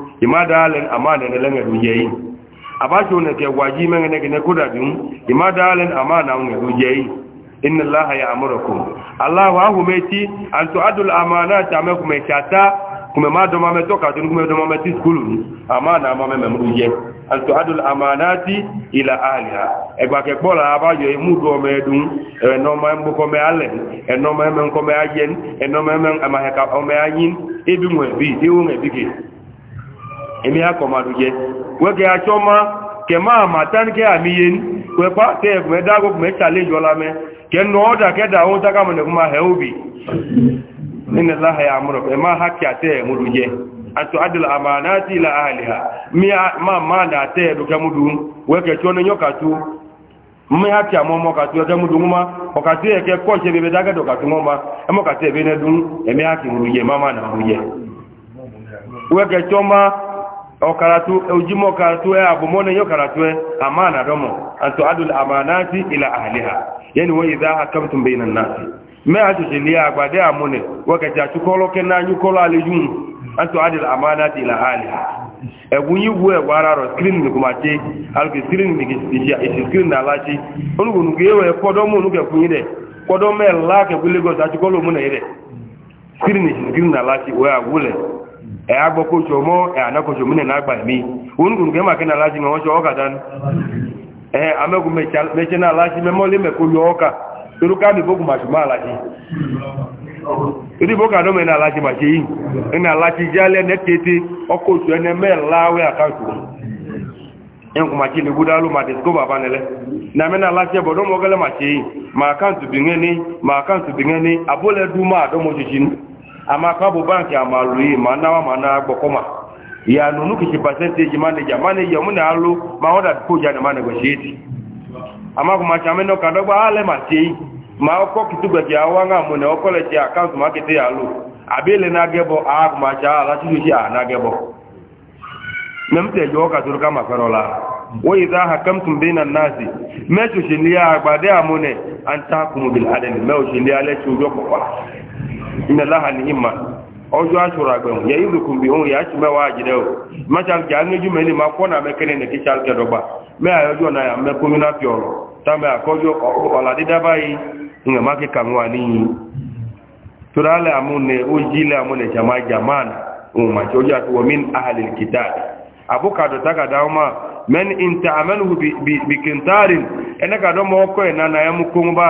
imada alen amana ne lenga du yeyi abacho ne ke waji menga ne ne koda dum imada alen amana ne du yeyi inna allaha ya'murukum allah wa hu meti an tu'adul amanata amakum kata kuma ma do mame toka dun kuma do mame tiskulu amana mame me mu ye an tu'adul amanati ila ahliha e gba ke bola abajo e mu do me dun e no ma mbu ko me ale e no ma me ko me ayen e no ma me amaheka o me ayin ebi mu ebi ewu me bige èmi akọ̀màdù jẹ wẹ́kẹ́ aṣọ́ ma kẹ máa ma tánkẹ́ àmì yẹn pẹ̀pá tẹ́ ẹ̀kùnmẹ́ dágbókùnmẹ́ challenge ọlá mẹ́ kẹ nọ ọ́dà kẹ́dà ó tákàmọ̀nẹ̀kùnmá ẹ̀ òbí nínú láhàá àmúrọ̀ ẹ̀ máa hákì àtẹ́ ẹ̀múdù tí ẹ̀kẹ́ múdù mú ma ọ̀kàtú ẹ̀kẹ́ kọ́ọ̀ṣẹ́ bẹ̀bẹ̀ dágẹ́dọ̀ kàtú mọ́ ma ẹmọ́kàtú ẹ̀bẹ̀ nẹ́dún ẹ̀mí hákì múdù máa máa nà múdù jẹ okaratu ujimo okaratu ya eh, abumone yo Ya eh, amana domo antu adul amanati ila ahliha yani wa idha hakamtum bayna an-nas ma atu jilia agbade amune na chukolo kọlọ amanati ila ahliha egunyi wu egwara ro screen ni kumate albi na ni kisija screen na lachi onugo nugo ewe kodomo nugo kunyide kodomo elake kpọdọ achukolo mune ire na lachi wa agule agbo kocho mo e na agba mi ungun ke na kena laji ngocho dan Ee amegu me na me chena laji me mole me ko yoka turuka mi bogu ma shuma laji idi boka do me na laji ma ji ina laji jale ne tete ene ma discover banele na na ma bi ma account bi ngeni ma amaka bụ bankị amalụyi ma nawa ma na agbakọma ya nunu kichi pasenteji manija maneja mụ na-alụ ma ọ dadpoja na ma negosheti amakwụmacha mena ka dọgba ale ma tie ma ọkọ kitugbeji awa nga mụ na ọkọleji akaụntụ makịtị ya alụ abịa na agebo agụmacha alachiduchi a na agebo memteji ọka tụrụ kama kwerọla وإذا حكمتم بين الناس ما تشليا عبادة أمونه أن تحكموا بالعدل ما تشليا لا تشوجوا ina laha ni ima ọjọ́ aṣọ́rọ̀ ya yẹ ìlúkùn bí ohun yàá ti mẹ́wàá àjìdẹ́ o mẹ́sàkì àmẹ́jú na ya kọ́nà mẹ́kẹ́lẹ́ ní kíṣà kẹdọ̀gbà mẹ́àyọjọ́ náà mẹ́kúnmínà fi ọ̀rọ̀ táwọn àkọ́jọ́ ọ̀làdídá báyìí ya má kíkà mú wa níyìn turale amune ujile amune jamaa jamana umma choja wa min ahli alkitab abuka do taka dauma man inta bi, bi, bi kintarin enaka do e na na ya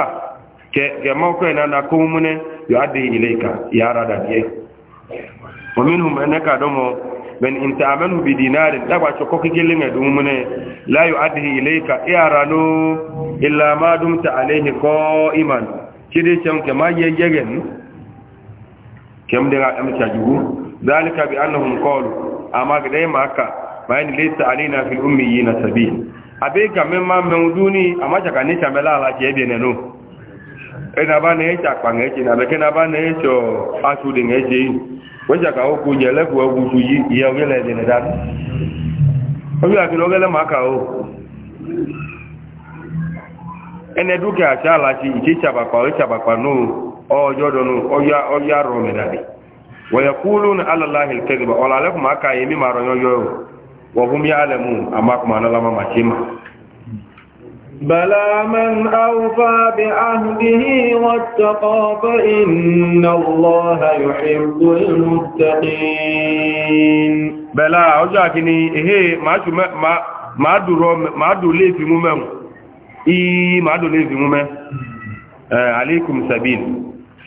ke ke yuaddi ilayka ya rada ke wa minhum annaka domo ben intamanu bi dinarin dagwa choko kikile ne dumune la yuaddi ilayka ya rano illa ma dumta alayhi qa'iman kide cham ke ma yejegen kem de ga am chajugu dhalika bi annahum qalu amma gade maka bayan laysa alaina fil ummiyina sabil abe ga memma mewduni amma chaka ni chamela ala jebe ne no ẹni abá ní ẹ̀ṣẹ̀ àpàǹgà ẹ̀ṣẹ̀ nàbẹ̀ kí ya abá ní ẹ̀ṣẹ̀ aṣòdì ẹ̀ṣẹ̀ yìí wọ́n ṣàkà ó kú yẹ lẹ́kọ̀ọ́ ẹgbùsù yìí ìyá ọgẹ́lẹ̀ ẹ̀dẹ̀ nìdá ojú àkìlẹ̀ ọgẹ́lẹ̀ máa kà ó ẹni dúkìá àṣà àlàṣì ìṣe ìṣàbàpà ìṣàbàpà náà ọjọ́ ọyá rọ̀ kúlù ní ọ̀làlẹ́kùn máa kà yẹ mí máa rọ̀ yọ́yọ́ wọ̀ fún mi mú náà بلى من أوفى بعهده واتقى فإن الله يحب المتقين بلى أجاكني إيه ما شو ما ما دور ما دور لي في مم إيه ما دور لي في مم عليكم سبيل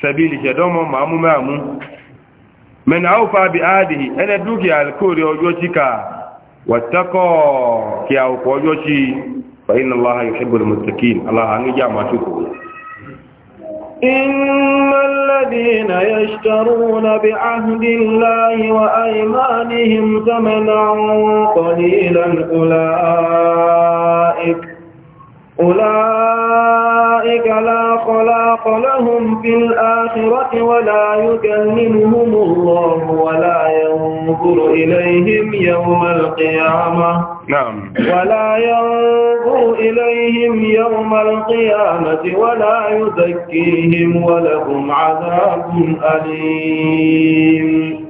سبيل جدوم ما مم من أوفى بعهده أنا دوكي على الكوري كوري أجوتيكا واتقى كي أوفى أجوتي فإن الله يحب المتقين الله أن يجمع شكره إن الذين يشترون بعهد الله وأيمانهم ثمنا قليلا أولئك أولئك لا خلاق لهم في الآخرة ولا يكلمهم الله ولا ينظر إليهم يوم القيامة نعم ولا ينظر إليهم يوم القيامة ولا يزكيهم ولهم عذاب أليم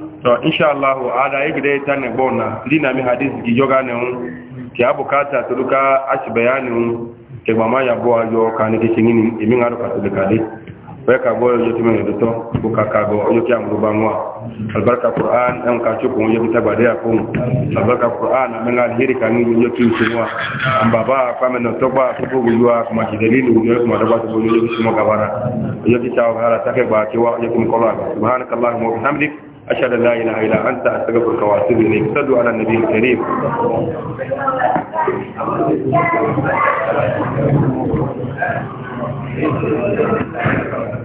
إن شاء الله على يقدر تنبونا لنا من حديث جيجوغانهم كي أبو كاتا تلوكا أشبيانهم kemama ya bo ajo kani ke chingini imi ngaro ka tule kadi we ka bo yo e tume e do to ku ka ka go yo kya mu bangwa albarka qur'an en ka chu ko yo bitaba de akun albarka qur'an men ngal hiri kan yo tu chinwa amba ba kwa men to ba ku bu yuwa kuma ki أشهد أن لا إله إلا أنت أستغفرك وأتوب إليك صلوا على النبي الكريم Thank you.